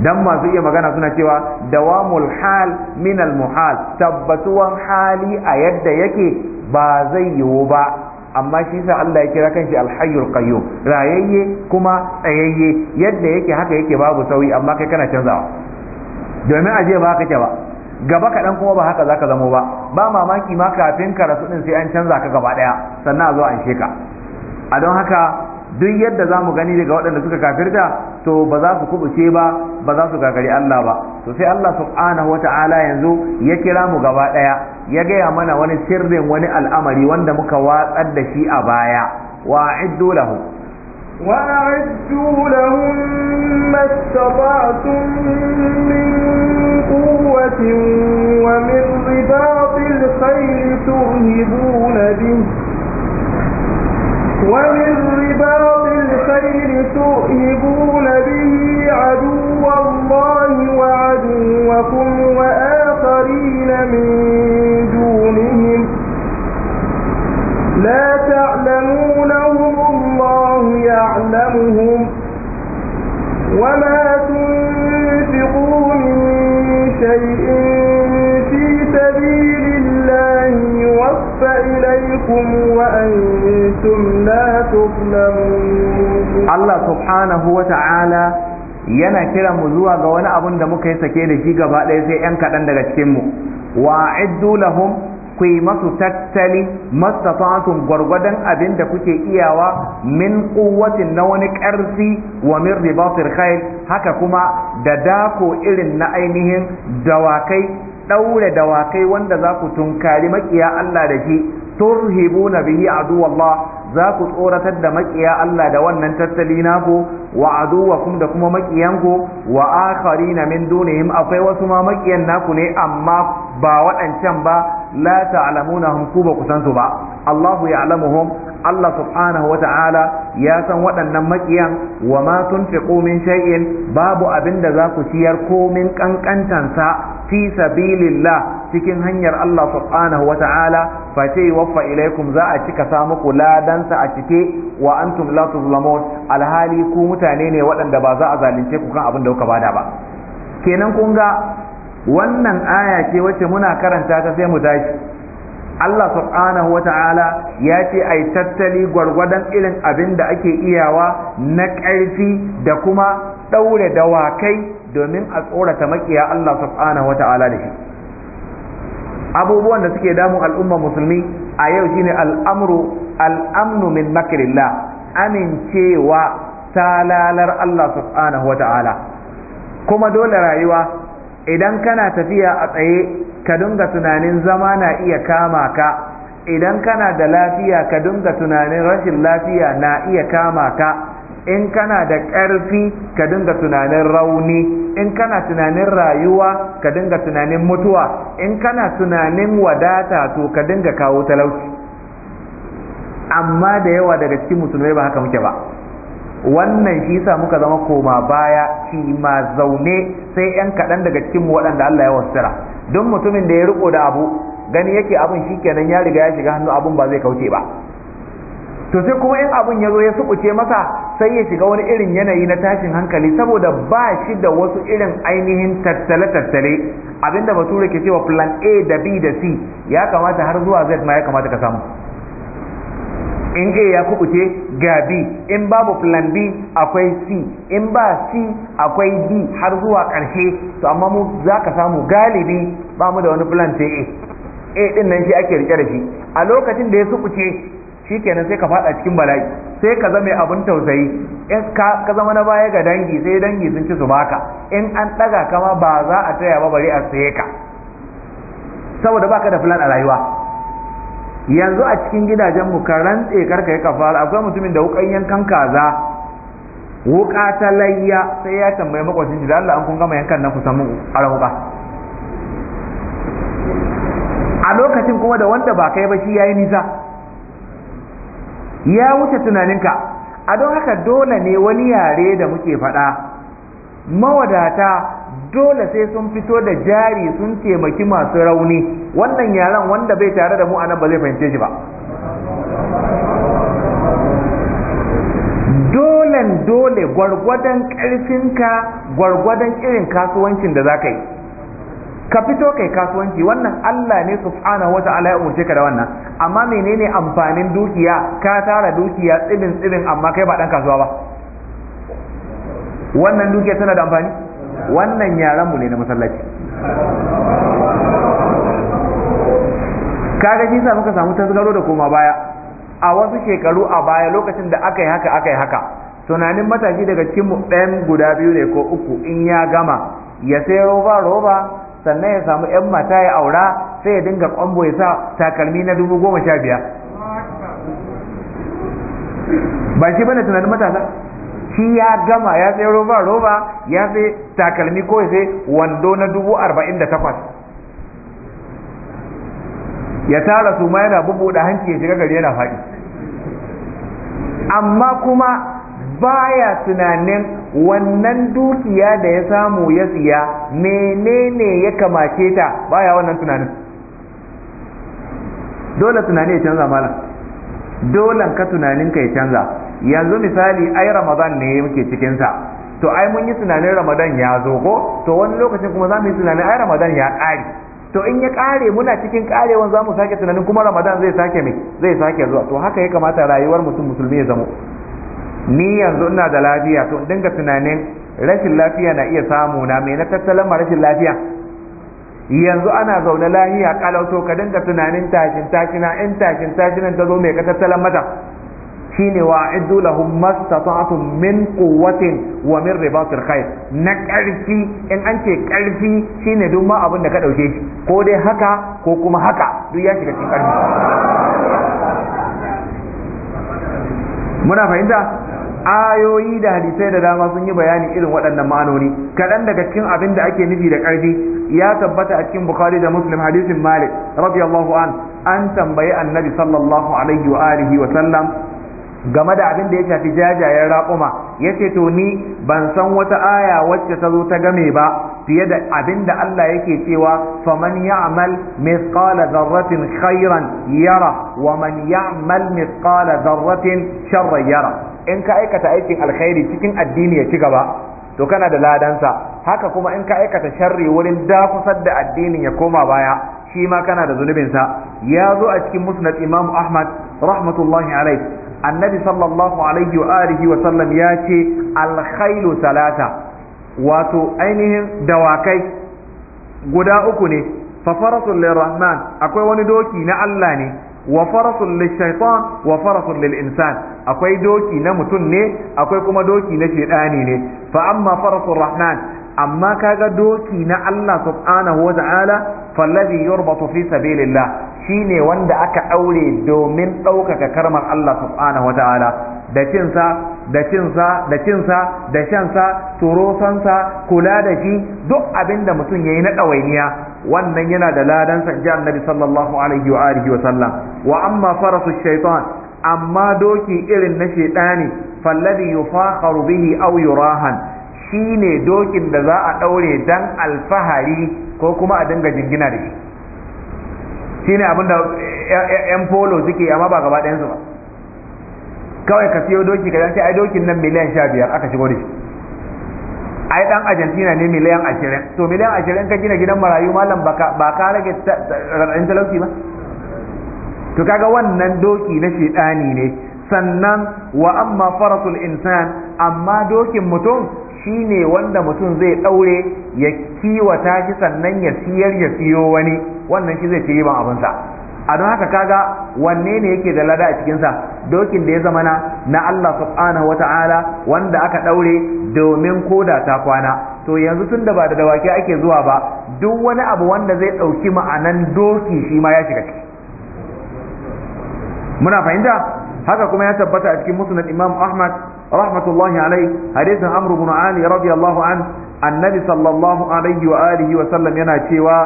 Speaker 2: dan masu iya magana suna cewa dawamul hal min al muhal tabbatuwan hali a yadda yake ba zai yiwu ba amma shi sa Allah ya kira kanshi hayyul qayyum rayayye kuma tsayayye yadda yake haka yake babu sauyi amma kai kana canzawa domin aje ba kake ba gaba kaɗan kuma ba haka zaka zamo ba ba mamaki ma kafin ka rasu din sai an canza ka gaba ɗaya sannan a zo an sheka a don haka duk yadda za mu gani daga waɗanda suka kafirta to ba za su kubuce ba ba za su gagari Allah ba to sai Allah subhanahu wa ta'ala yanzu ya kira mu gaba ɗaya ya gaya mana wani sirrin wani al'amari wanda muka watsar da shi a baya wa a'iddu lahum
Speaker 3: wa a'iddu lahum mastata'tum min quwwatin wa min ribatil khayl tuhibuna bihi ومن رباط الخير تؤهبون به عدو الله وعدوكم وآخرين من دونهم لا تعلمونهم الله يعلمهم وما تنفقوا من شيء في سبيل الله يوفى إليكم وأنتم Allah subhanahu
Speaker 2: الله سبحانه yana kiran mu zuwa ga wani abun da muka yi sake da shi gaba ɗaya sai 'yan kaɗan daga cikinmu wa iddu lahum ku yi masu tattali mastata'atun gwargwadon abin da kuke iyawa min kuwatin na wani ƙarfi wa min ribatir khair haka kuma da dako irin na ainihin dawakai ɗaure dawakai wanda za ku tunkari makiya Allah da shi turhibuna bihi aduwallah za ku tsoratar da makiya Allah da wannan tattali naku wa aduwakum da kuma makiyanku wa akharina min dunihim akwai wasu ma makiyan naku ne amma ba waɗancan ba la ta'lamunahum ku ba ku san su ba Allahu ya'lamuhum Allah subhanahu wa ta'ala ya san waɗannan maƙiyan wa ma tunfiqu min shay'in babu abin da za ku ciyar komin ƙanƙantansa fi sabilillah cikin hanyar Allah subhanahu wa ta'ala fa ce waffa ilaikum za a cika sa muku ladansa a cike wa antum la tuzlamun alhali ku mutane ne waɗanda ba za a zalunce ku kan abin da kuka bada ba kenan kun ga wannan aya ce wacce muna karanta ta sai mu tashi Allah subhanahu wata'ala ya ce ai tattali gwargwadon irin abin da ake iyawa na ƙarfi da kuma ɗaure dawakai domin a tsorata makiya Allah subhanahu wata'ala da shi abubuwan da suke damun al'umma musulmi a yau shine al'amru al'amnu min makrillah amincewa talalar Allah subhanahu wata'ala kuma dole rayuwa idan kana tafiya a tsaye ka dinga tunanin zama na iya kama ka idan kana da lafiya ka dinga tunanin rashin lafiya na iya kama ka in kana da ƙarfi ka dinga tunanin rauni in kana tunanin rayuwa ka dinga tunanin mutuwa in kana tunanin wadata to ka dinga kawo talauci amma da yawa daga cikin musulmai ba haka muke ba wannan shi yasa muka zama koma baya ki ma zaune sai yan kaɗan daga cikin mu waɗanda Allah ya wasira don mutumin da ya riko da abu gani yake abin kenan ya riga ya shiga hannu abun ba zai kauce ba to sai kuma in abun ya zo ya sukuce masa sai ya shiga wani irin yanayi na tashin hankali saboda ba shi da wasu irin ainihin tattale-tattale abinda bature ke cewa plan A da B da C ya kamata har zuwa Z ma ya kamata ka samu in a ya kubuce ga b in babu plan b akwai c in ba c akwai d har zuwa ƙarshe to amma mu za ka samu galibi ba mu da wani plan sai a a din nan shi ake rike da shi a lokacin da ya kubuce kenan sai ka faɗa cikin bala'i sai ka zama abin tausayi in ka zama na baya ga dangi sai dangi sun ci su baka in an ɗaga kama ba za a taya ba bari a saye ka saboda baka da plan a rayuwa yanzu a cikin gidajen mu ka rantse karka ya kafa akwai mutumin da wukan yankan kaza wuka ta layya sai ya tambaye makwacin shi da Allah an kun gama yankan nan ku
Speaker 4: samu arauka
Speaker 2: a lokacin kuma da wanda ba kai ba shi yayi nisa ya wuce tunaninka a don haka dole ne wani yare da muke faɗa mawadata dole sai sun fito da jari sun taimaki masu rauni wannan yaran wanda bai tare da mu anan ba zai fahimce shi ba dole dole gwargwadon ka gwargwadon irin kasuwancin da za ka yi ka fito kai kasuwanci wannan Allah ne subhanahu wata'ala ya umurce ka da wannan amma menene amfanin dukiya ka tara dukiya tsibin tsibin amma kai ba dan kasuwa ba wannan dukiya tana da amfani wannan yaran mu ne na masallaci kaga shi sa muka samu tasgaro da kuma baya a wasu shekaru a baya lokacin da aka yi haka aka yi haka tunanin matashi daga cikin mu ɗayan guda biyu ne ko uku in ya gama ya sai roba roba sannan ya samu yan mata ya aura sai ya dinga kwambo ya sa takalmi na dubu goma sha biyar ba shi bane tunanin matasa shi ya gama ya sai roba roba ya sai takalmi ko sai wando na dubu arba'in da takwas ya tara su ma yana da hanci ya shiga gari yana faɗi amma kuma baya tunanin wannan dukiya da ya samu ya siya menene ya kamace ta baya wannan tunanin dole tunani ya canza malam dole ka tunanin ka ya canza yanzu misali ai ramadan ne muke cikin sa to ai mun yi tunanin ramadan ya zo ko to wani lokacin kuma za mu yi tunanin ai ramadan ya ƙare to in ya ƙare muna cikin ƙarewan za mu sake tunanin kuma ramadan zai sake mai zai sake zuwa to haka ya kamata rayuwar mutum musulmi ya zamo ni yanzu ina da lafiya to in dinga tunanin rashin lafiya na iya samu na me na tattalin ma rashin lafiya yanzu ana zaune lahiya kalau to ka dinga tunanin tashin tashina in tashin tashinan ta zo mai ka tattalin mata shine wa a'iddu lahum mastata'tum min quwwatin wa min ribatil khair na karfi in an ce karfi shine duk ma abin da ka dauke shi ko dai haka ko kuma haka duk ya shiga cikin karfi muna fahimta ayoyi da hadisai da dama sun yi bayani irin waɗannan ma'anoni kaɗan daga cikin abin da ake nufi da ƙarfi ya tabbata a cikin bukhari da muslim hadisin malik radiyallahu an an tambayi annabi sallallahu alaihi wa alihi wa sallam game da abin da ya shafi jajayen raƙuma ya ce to ni ban san wata aya wacce ta zo ta game ba fiye da abin da Allah yake cewa faman ya'mal mithqala dharratin khairan yara wa man ya'mal mithqala dharratin sharran yara in ka aikata aikin alkhairi cikin addini ya ci gaba to kana da ladansa haka kuma in ka aikata sharri wurin dakusar da addinin ya koma baya shi ma kana da zunubinsa ya zo a cikin musnad imam ahmad rahmatullahi alaih annabi sallallahu alaihi wa alihi wa sallam ya ce alkhailu salata wato ainihin dawakai guda uku ne fa farasun Rahman akwai wani doki na Allah ne wa farasun lishaitan wa farasun insan akwai doki na mutum ne akwai kuma doki na shedani ne fa amma farasun rahman amma kaga doki na Allah subhanahu wa ta'ala fallazi yurbatu fi sabilillah shine wanda aka aure domin ɗaukaka karmar Allah subhanahu wa ta'ala da cinsa da cinsa da cinsa da shansa turosansa kula da shi duk abin da mutum yayi na ɗawainiya wannan yana da ladansa ji annabi sallallahu alaihi wa alihi wa sallam wa amma farasu shaitan amma doki irin na shaitani fallazi yufakharu bihi aw yurahan shi ne dokin da za a ɗaure dan alfahari ko kuma a dinga jingina da shi shi ne abinda yan polo suke amma ba gaba ɗayansu ba kawai ka siyo doki ka ce ai dokin nan miliyan sha biyar aka shigo da shi ai dan argentina ne miliyan ashirin to miliyan ashirin ka gina gidan marayu malam ba ka rage raɗaɗin talauci ba to kaga wannan doki na shiɗani ne sannan wa amma farasul insan amma dokin mutum Shi ne wanda mutum zai ɗaure ya kiwata shi sannan ya siyar ya siyo wani wannan shi zai ci riban abinsa a don haka kaga wanne ne yake da lada a cikinsa dokin da ya zama na na Allah subhanahu ta'ala wanda aka ɗaure domin koda ta kwana to yanzu tun da ba da dawaki ake zuwa ba duk wani abu wanda zai ɗauki ma'anan doki shi ma ya shiga ciki muna fahimta haka kuma ya tabbata a cikin musnad imam ahmad rahmatullahi alai hadisin amru bin ali radiyallahu an annabi sallallahu alaihi wa wa sallam yana cewa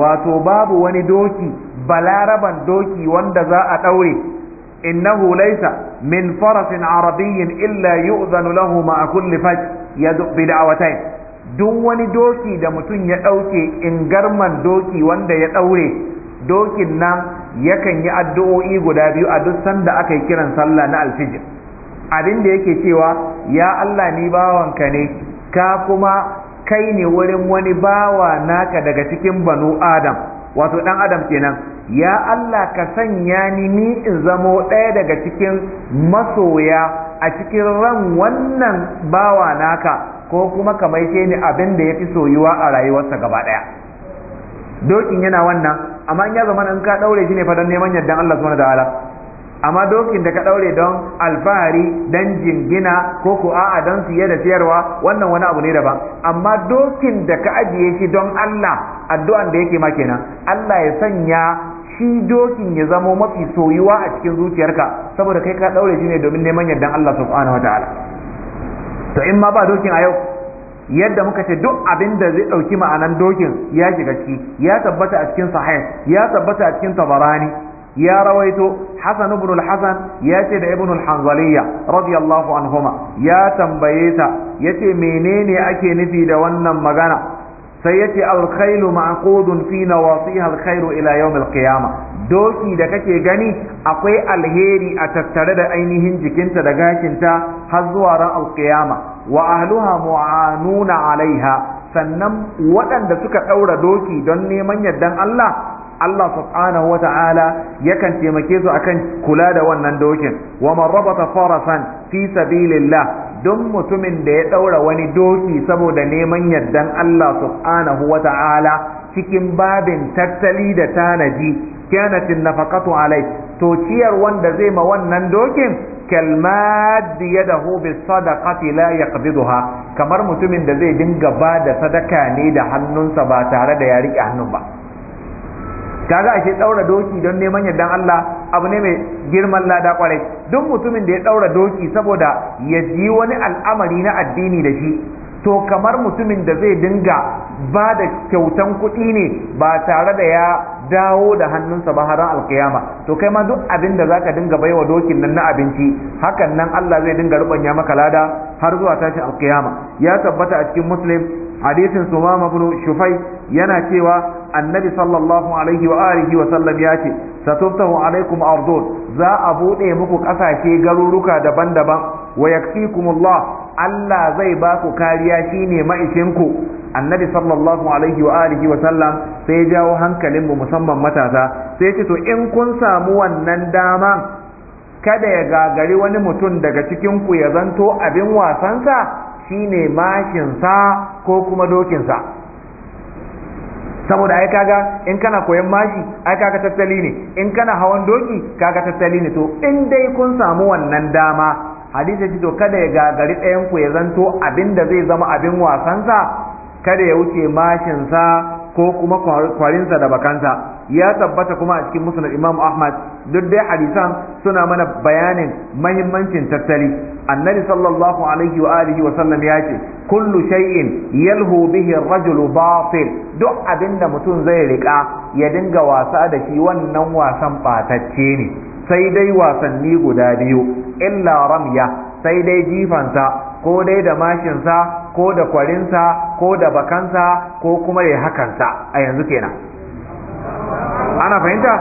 Speaker 2: wato babu wani doki balaraban doki wanda za a daure innahu laysa min farasin arabiyyin illa yu'zanu lahu ma'a kulli faj yadu bi da'awatayn duk wani doki da mutum ya dauke ingarman doki wanda ya daure dokin na yakan yi addu'o'i guda biyu a duk sanda aka yi kiran sallah na alfijir abin da yake cewa ya Allah ni bawanka ne ka kuma kai ne wurin wani bawa naka daga cikin banu adam wato dan adam kenan ya Allah ka sanya ni ni in zamo ɗaya daga cikin masoya a cikin ran wannan bawa naka ko kuma ka maishe ni abin da ya fi soyuwa a rayuwarsa gaba ɗaya dokin yana wannan amma in ya zama in ka ɗaure shi ne fa don neman yardan Allah subhanahu wa ta'ala amma dokin da ka daure don alfahari dan jingina ko ko a'a don siye da siyarwa wannan wani abu ne daban amma dokin da ka ajiye shi don Allah addu'an da yake ma kenan Allah ya sanya shi dokin ya zamo mafi soyuwa a cikin zuciyarka saboda kai ka daure shi ne domin neman yardan Allah subhanahu wataala to in ma ba dokin a yau yadda muka ce duk abin da zai ɗauki ma'anan dokin ya shiga ciki ya tabbata a cikin sahih ya tabbata a cikin tabarani ya rawaito Hassan ibn al ya ce da ibn al-Hanzaliyya radiyallahu anhuma ya tambaye ta yace menene ake nufi da wannan magana sai yace ce alkhairu ma'qudun fi nawasiha alkhairu ila yawm alqiyama doki da kake gani akwai alheri a tattare da ainihin jikinta da gashinta har zuwa ran alqiyama wa ahluha mu'anuna alaiha sannan waɗanda suka ɗaura doki don neman yardan Allah Allah subhanahu wata'ala yakan taimake su akan kula da wannan dokin wa man rabata farasan fi sabilillah don mutumin da ya daura wani doki saboda neman yardan Allah subhanahu wata'ala cikin babin tattali da tanaji kanatin nafaqatu alai to ciyar wanda zai ma wannan dokin kalmad yadahu bis sadaqati la yaqbiduha kamar mutumin da zai dinga ba da sadaka ne da hannunsa ba tare da ya rike hannun ba kaga ashe daura doki don neman yardan Allah abu ne mai girman lada kwarai duk mutumin da ya daura doki saboda ya ji wani al'amari na addini da shi to kamar mutumin da zai dinga ba da kyautan kuɗi ne ba tare da ya dawo da hannunsa ba har alkiyama to kai ma duk abin da zaka dinga baiwa dokin nan na abinci hakan nan Allah zai dinga rubanya maka lada har zuwa tashi alkiyama ya tabbata a cikin muslim hadisin sumama bin shufai yana cewa annabi sallallahu alaihi wa alihi wa sallam ya ce satuftahu alaikum ardun za a bude muku kasashe garuruka daban-daban wa yakfikumullah Allah zai ba ku kariya shine maishinku annabi sallallahu alaihi wa alihi wa sallam sai jawo hankalin mu musamman matasa sai ce to in kun samu wannan dama kada ya gagari wani mutum daga cikin ku ya zanto abin wasansa shine mashinsa ko kuma dokinsa saboda ai kaga in kana koyon mashi ai kaga tattali ne in kana hawan doki kaga tattali ne to in dai kun samu wannan dama hadisi ji to kada ya gagari ɗayan ku ya zanto abin da zai zama abin wasansa kada ya wuce mashinsa ko kuma kwarinsa da bakansa ya tabbata kuma a cikin musnad Imam Ahmad duk dai hadisan suna mana bayanin mahimmancin tattali annabi sallallahu alaihi wa alihi wa sallam ya ce kullu shay'in yalhu bihi ar-rajulu batil duk abinda mutum zai rika ya dinga wasa da shi wannan wasan batacce ne sai dai wasanni guda biyu illa ramya sai dai jifansa ko dai da mashinsa ko da kwarinsa ko da bakansa ko kuma ya hakansa a yanzu kenan ana fahimta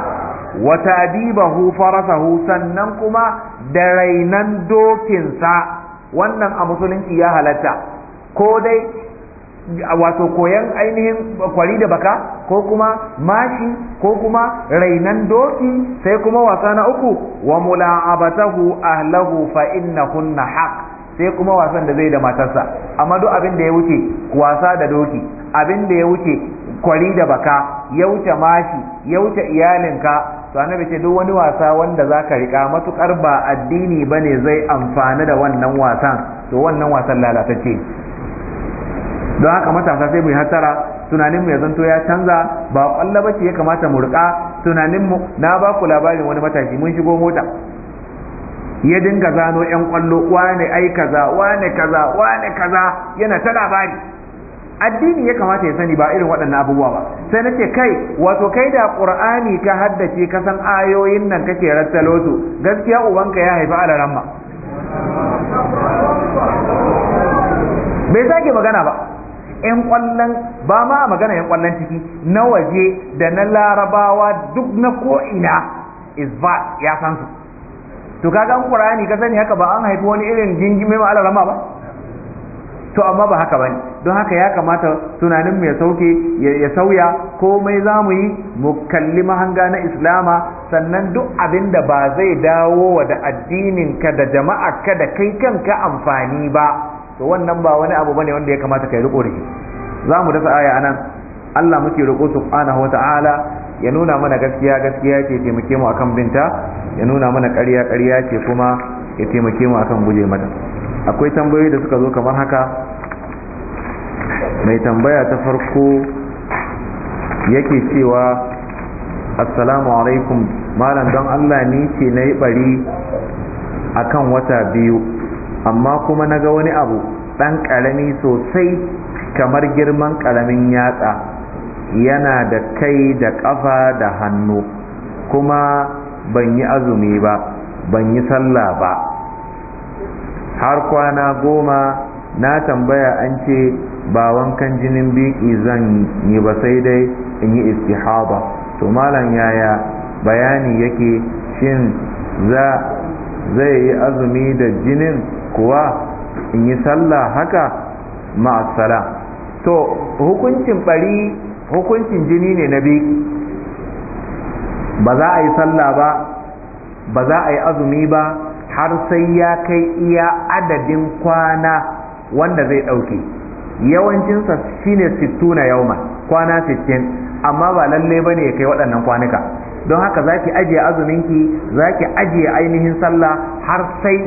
Speaker 2: wa tadibahu farasahu sannan kuma da rainan dokinsa wannan a musulunci ya halatta ko dai wato koyan ainihin kwari da baka ko kuma mashi ko kuma rainan doki sai kuma wasa na uku wa mula'abatahu ahlahu fa innahunna haq. sai kuma wasan da zai da matarsa amma duk abin da ya wuce wasa da doki abin da ya wuce kwari da baka ya wuce mashi ya wuce iyalinka to annabi ce duk wani wasa wanda za ka riƙa matuƙar ba addini ba ne zai amfana da wannan wasan to wannan wasan lalatacce don haka matasa sai mu yi hatsara tunanin mu ya zanto ya canza ba ba ce ya kamata mu rika tunanin mu na ba ku labarin wani matashi mun shigo mota ya dinga zano yan kwallo wane ai kaza wane kaza wane kaza yana ta labari addini ya kamata ya sani ba irin waɗannan abubuwa ba sai nace kai wato kai da qur'ani ka haddace ka san ayoyin nan kake rattalo su gaskiya ubanka ya haifi alaramma bai sake magana ba yan kwallon ba ma magana yan kwallon ciki na waje da na larabawa duk na ko'ina ba ya san su to kaga an qur'ani ka sani haka ba an haifi wani irin jingime ma ba to amma ba haka bane don haka ya kamata tunanin mu ya sauke ya sauya komai zamu yi mu kalli mahanga na islama sannan duk abin da ba zai dawo wa da addinin ka da jama'a ka da kai kanka amfani ba to wannan ba wani abu bane wanda ya kamata kai riko da zamu za mu dasa aya anan Allah muke roƙo subhanahu wata'ala ya nuna mana gaskiya gaskiya ce taimake mu akan binta ya nuna mana ƙarya ƙarya ce kuma ya taimake mu akan guje mata akwai tambayoyi da suka zo kamar haka mai tambaya ta farko
Speaker 1: yake cewa assalamu alaikum malam
Speaker 2: don allah ni ce na yi bari a kan wata biyu amma kuma na ga wani abu ɗan ƙarami sosai kamar girman ƙaramin yatsa yana da kai da ƙafa da hannu kuma ban yi azumi ba ban yi sallah ba har kwana goma na tambaya an ce ba wankan jinin biki zan yi ba sai dai in yi istihaba to malam yaya bayani yake
Speaker 1: shin za zai yi azumi da jinin kuwa
Speaker 2: in yi sallah haka ma'asala to hukuncin bari hukuncin jini ne na biki ba za a yi sallah ba ba za a yi azumi ba har sai ya kai iya adadin kwana wanda zai ɗauke yawancinsa shine sittuna yauma kwana sittin amma ba lalle bane ya kai waɗannan kwanuka don haka zaki ki ajiye azuminki zaki ki ajiye ainihin sallah har sai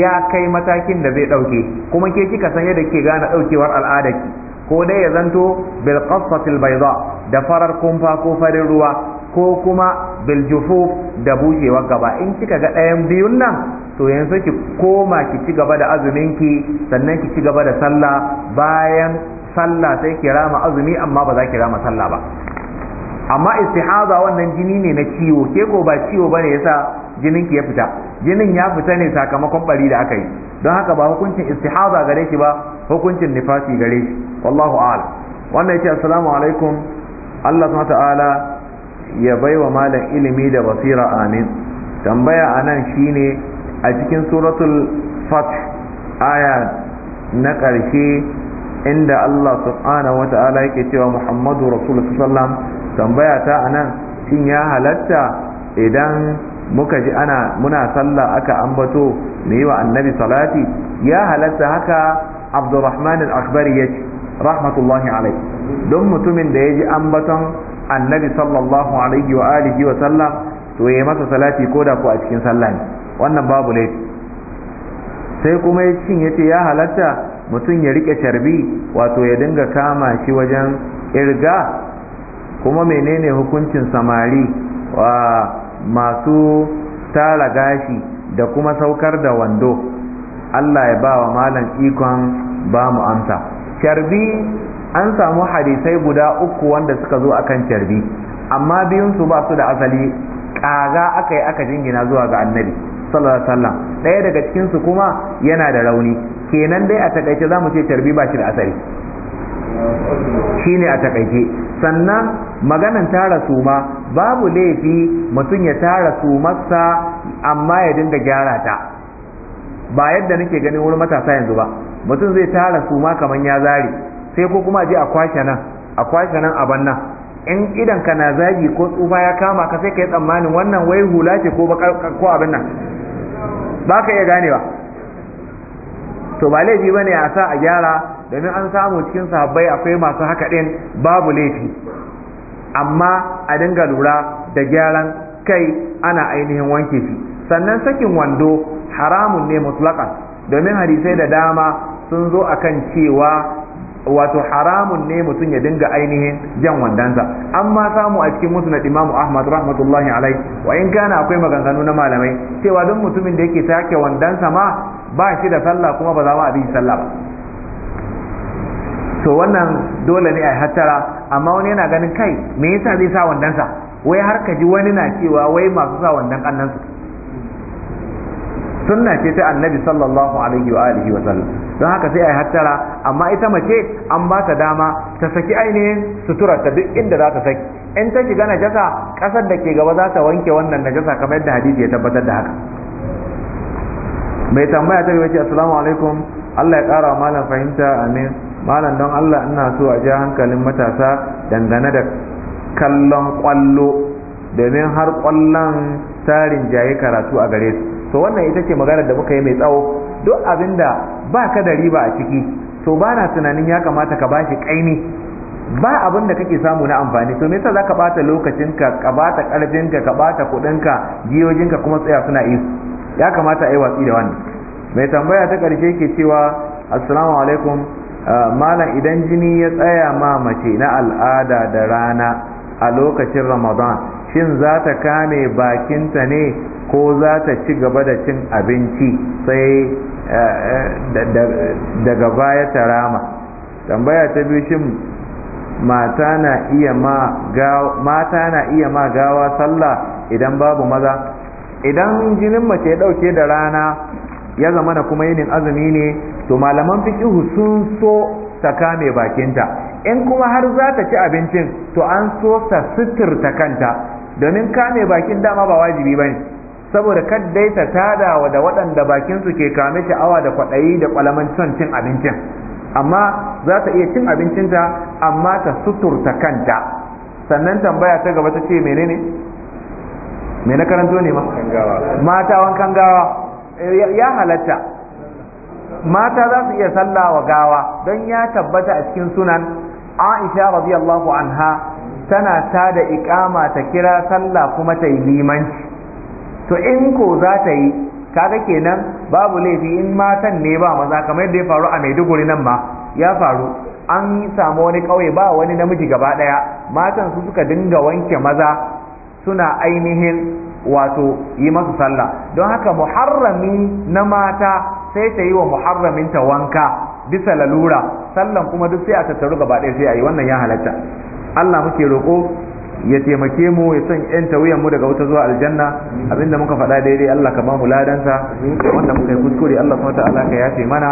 Speaker 2: ya kai matakin da zai ɗauke kuma ke kika san yadda ke gane ɗaukewar al'adarki ko dai ya zanto bil qasfatil bayda da farar kumfa ko farin ruwa ko kuma bil jufuf da bushewar gaba in kika ga ɗayan biyun nan to yanzu ki koma ki ci gaba da azuminki sannan ki ci gaba da sallah bayan sallah sai ki rama azumi amma ba za ki rama sallah ba amma istihaza wannan jini ne na ciwo ke ko ba ciwo bane yasa jinin ki ya fita jinin ya fita ne sakamakon bari da aka yi don haka ba hukuncin istihaza gare shi ba hukuncin nifasi gare shi wallahu a'lam wannan yace assalamu alaikum Allah subhanahu ta'ala ya baiwa malam ilimi da basira
Speaker 1: amin tambaya anan shine a cikin suratul fath aya
Speaker 2: na ƙarshe inda Allah subhanahu wa ta'ala yake cewa Muhammadu Rasulullah sallam tambaya ta anan shin ya halatta idan muka ji ana muna sallah aka ambato mu yi wa annabi salati ya halatta haka Abdurrahman al-Akhbari yace rahmatullahi alai don mutumin da ya ji ambaton annabi sallallahu alaihi wa alihi wa sallam to ya masa salati ko da ko a cikin sallah ne wannan babu laifi sai kuma ya cin yace ya halatta mutum ya rike carbi wato ya dinga kama shi wajen irga kuma menene hukuncin samari wa masu tara gashi da kuma saukar da wando Allah ya ba wa malam ikon ba mu amsa carbi an samu hadisai guda uku wanda suka zo akan carbi amma biyunsu ba su da asali ƙaga aka yi aka jingina zuwa ga annabi sallallahu alaihi wasallam ɗaya daga cikin su kuma yana da rauni kenan dai a takaice za mu ce tarbi ba shi da asali shine a takaice sannan maganan tara suma babu laifi mutum ya tara sumarsa amma ya dinga gyara ta ba yadda nake ganin wurin matasa yanzu ba mutum zai tara suma kamar ya zare sai ko kuma je a kwashe nan a kwashe nan a nan in idan ka na zagi ko tsufa ya kama ka sai ka yi tsammanin wannan wai hula ce ko ko abin nan ba ka iya ganewa to ba laifi ba ne a sa a gyara domin an samu cikin sahabbai akwai masu haka ɗin babu laifi amma a dinga lura da gyaran kai ana ainihin wanke shi sannan sakin wando haramun ne mutlaka domin hadisai da dama sun zo akan cewa wato haramun ne mutum ya dinga ainihin jan wandansa amma samu a cikin musnad imam ahmad rahmatullahi alai wa in kana akwai maganganu na malamai cewa duk mutumin da yake take wandansa ma ba shi da sallah kuma ba za mu abin sallah ba to wannan dole ne a hattara amma wani yana ganin kai me yasa zai sa wandansa wai har ka ji wani na cewa wai masu sa wandan kannansu sunna ce ta annabi sallallahu alaihi wa alihi wa sallam don haka sai a yi hattara amma ita mace an ba ta dama ta saki ainihin suturar ta duk inda za ta saki in ta shiga najasa kasar da ke gaba za ta wanke wannan najasa kamar yadda hadisi ya tabbatar da haka mai tambaya ta ce assalamu alaikum Allah ya kara malam fahimta amin malam don Allah ina so a ji hankalin matasa dangane da kallon kwallo domin har kwallon tarin jaye karatu a gare su to wannan ita ce maganar da muka yi mai tsawo duk abin da ba ka da riba a ciki to ba na tunanin ya kamata ka bashi kaini ba abin da kake samu na amfani to me za ka bata lokacinka ka bata karfinka ka bata kudinka jiyojinka kuma tsaya suna yi ya kamata a yi watsi da wannan mai tambaya ta karshe ke cewa assalamu alaikum uh, malam idan jini ya tsaya ma mace na al'ada da rana a lokacin ramadan shin za ta kame bakinta ne ko za ta ci gaba da cin abinci sai eh, eh, daga baya ta rama tambaya ta biyu shin mata na iya ma gawa sallah idan babu maza idan jinin mace ya ɗauke da rana ya zama na kuma yinin azumi ne to malaman fikihu sun so ta kame bakinta in kuma har za ta ci abincin to an so ta suturta kanta domin kame bakin dama ba wajibi bane saboda kad dai ta tadawa da waɗanda bakinsu ke kame sha'awa da kwaɗayi da son cin abincin amma za ta iya cin abincinta amma ta suturta kanta sannan tambaya ta gaba ta ce menene me na karanto ne ma mata wankan gawa ya halatta mata za su iya sallah wa gawa don ya tabbata a cikin sunan aisha radiyallahu anha tana tada iƙama ta kira sallah kuma ta yi limanci to in ko za ta yi kaga kenan babu laifi in matan ne ba maza kamar yadda ya faru a maiduguri nan ma ya faru an samu wani ƙauye ba wani namiji gaba ɗaya matan su suka dinga wanke maza suna ainihin wato yi masu sallah don haka muharrami na mata sai ta yi wa muharraminta wanka bisa lalura sallan kuma duk sai a tattaru gaba daya sai a yi wannan ya halatta Allah muke roƙo ya taimake mu ya san yan tawiyan mu daga wata zuwa aljanna abinda muka faɗa daidai Allah ka ba mu ladansa wanda muka yi kuskure Allah subhanahu ta'ala ka yafe mana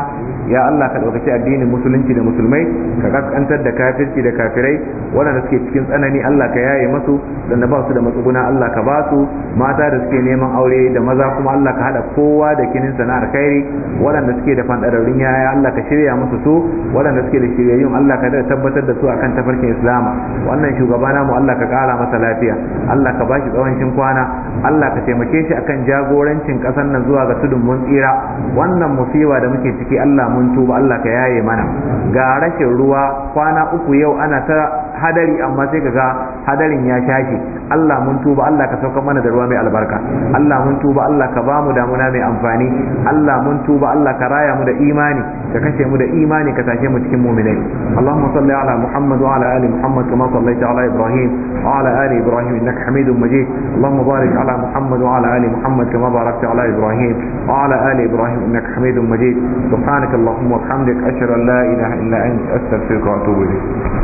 Speaker 2: ya Allah ka daukaci addinin musulunci da musulmai ka kaskantar da kafirci da kafirai waɗanda suke cikin tsanani Allah ka yaye musu dan ba su da matsuguna Allah ka ba su mata da suke neman aure da maza kuma Allah ka hada kowa da kinin sana'ar kairi waɗanda suke da fandararrun yaya Allah ka shirya musu su waɗanda suke da shiryayyun Allah ka da tabbatar da su akan tafarkin Islam wannan shugabana mu Allah ka kara masa lafiya Allah ka bashi tsawancin kwana Allah ka taimake shi akan jagorancin ƙasar nan zuwa ga tudun mun tsira wannan musiba da muke ciki Allah mun tuba Allah ka yaye mana ga rashin ruwa kwana uku yau ana ta hadari amma sai ga hadarin ya tashi Allah mun tuba Allah ka sauka mana da ruwa mai albarka Allah mun tuba Allah ka bamu damuna mai amfani Allah mun tuba Allah ka raya mu da imani ka kashe mu da imani ka tashe mu cikin mu'minai Allahumma salli ala Muhammad wa ala ali Muhammad kama sallaita ala Ibrahim wa ala ali Ibrahim innaka Hamidum Majid Allahumma barik ala Muhammad wa ala
Speaker 1: ali Muhammad kama barakta ala Ibrahim wa ala ali Ibrahim innaka Hamidum Majid subhanaka Allahumma wa bihamdik ashhadu an la ilaha illa anta astaghfiruka wa atubu ilayk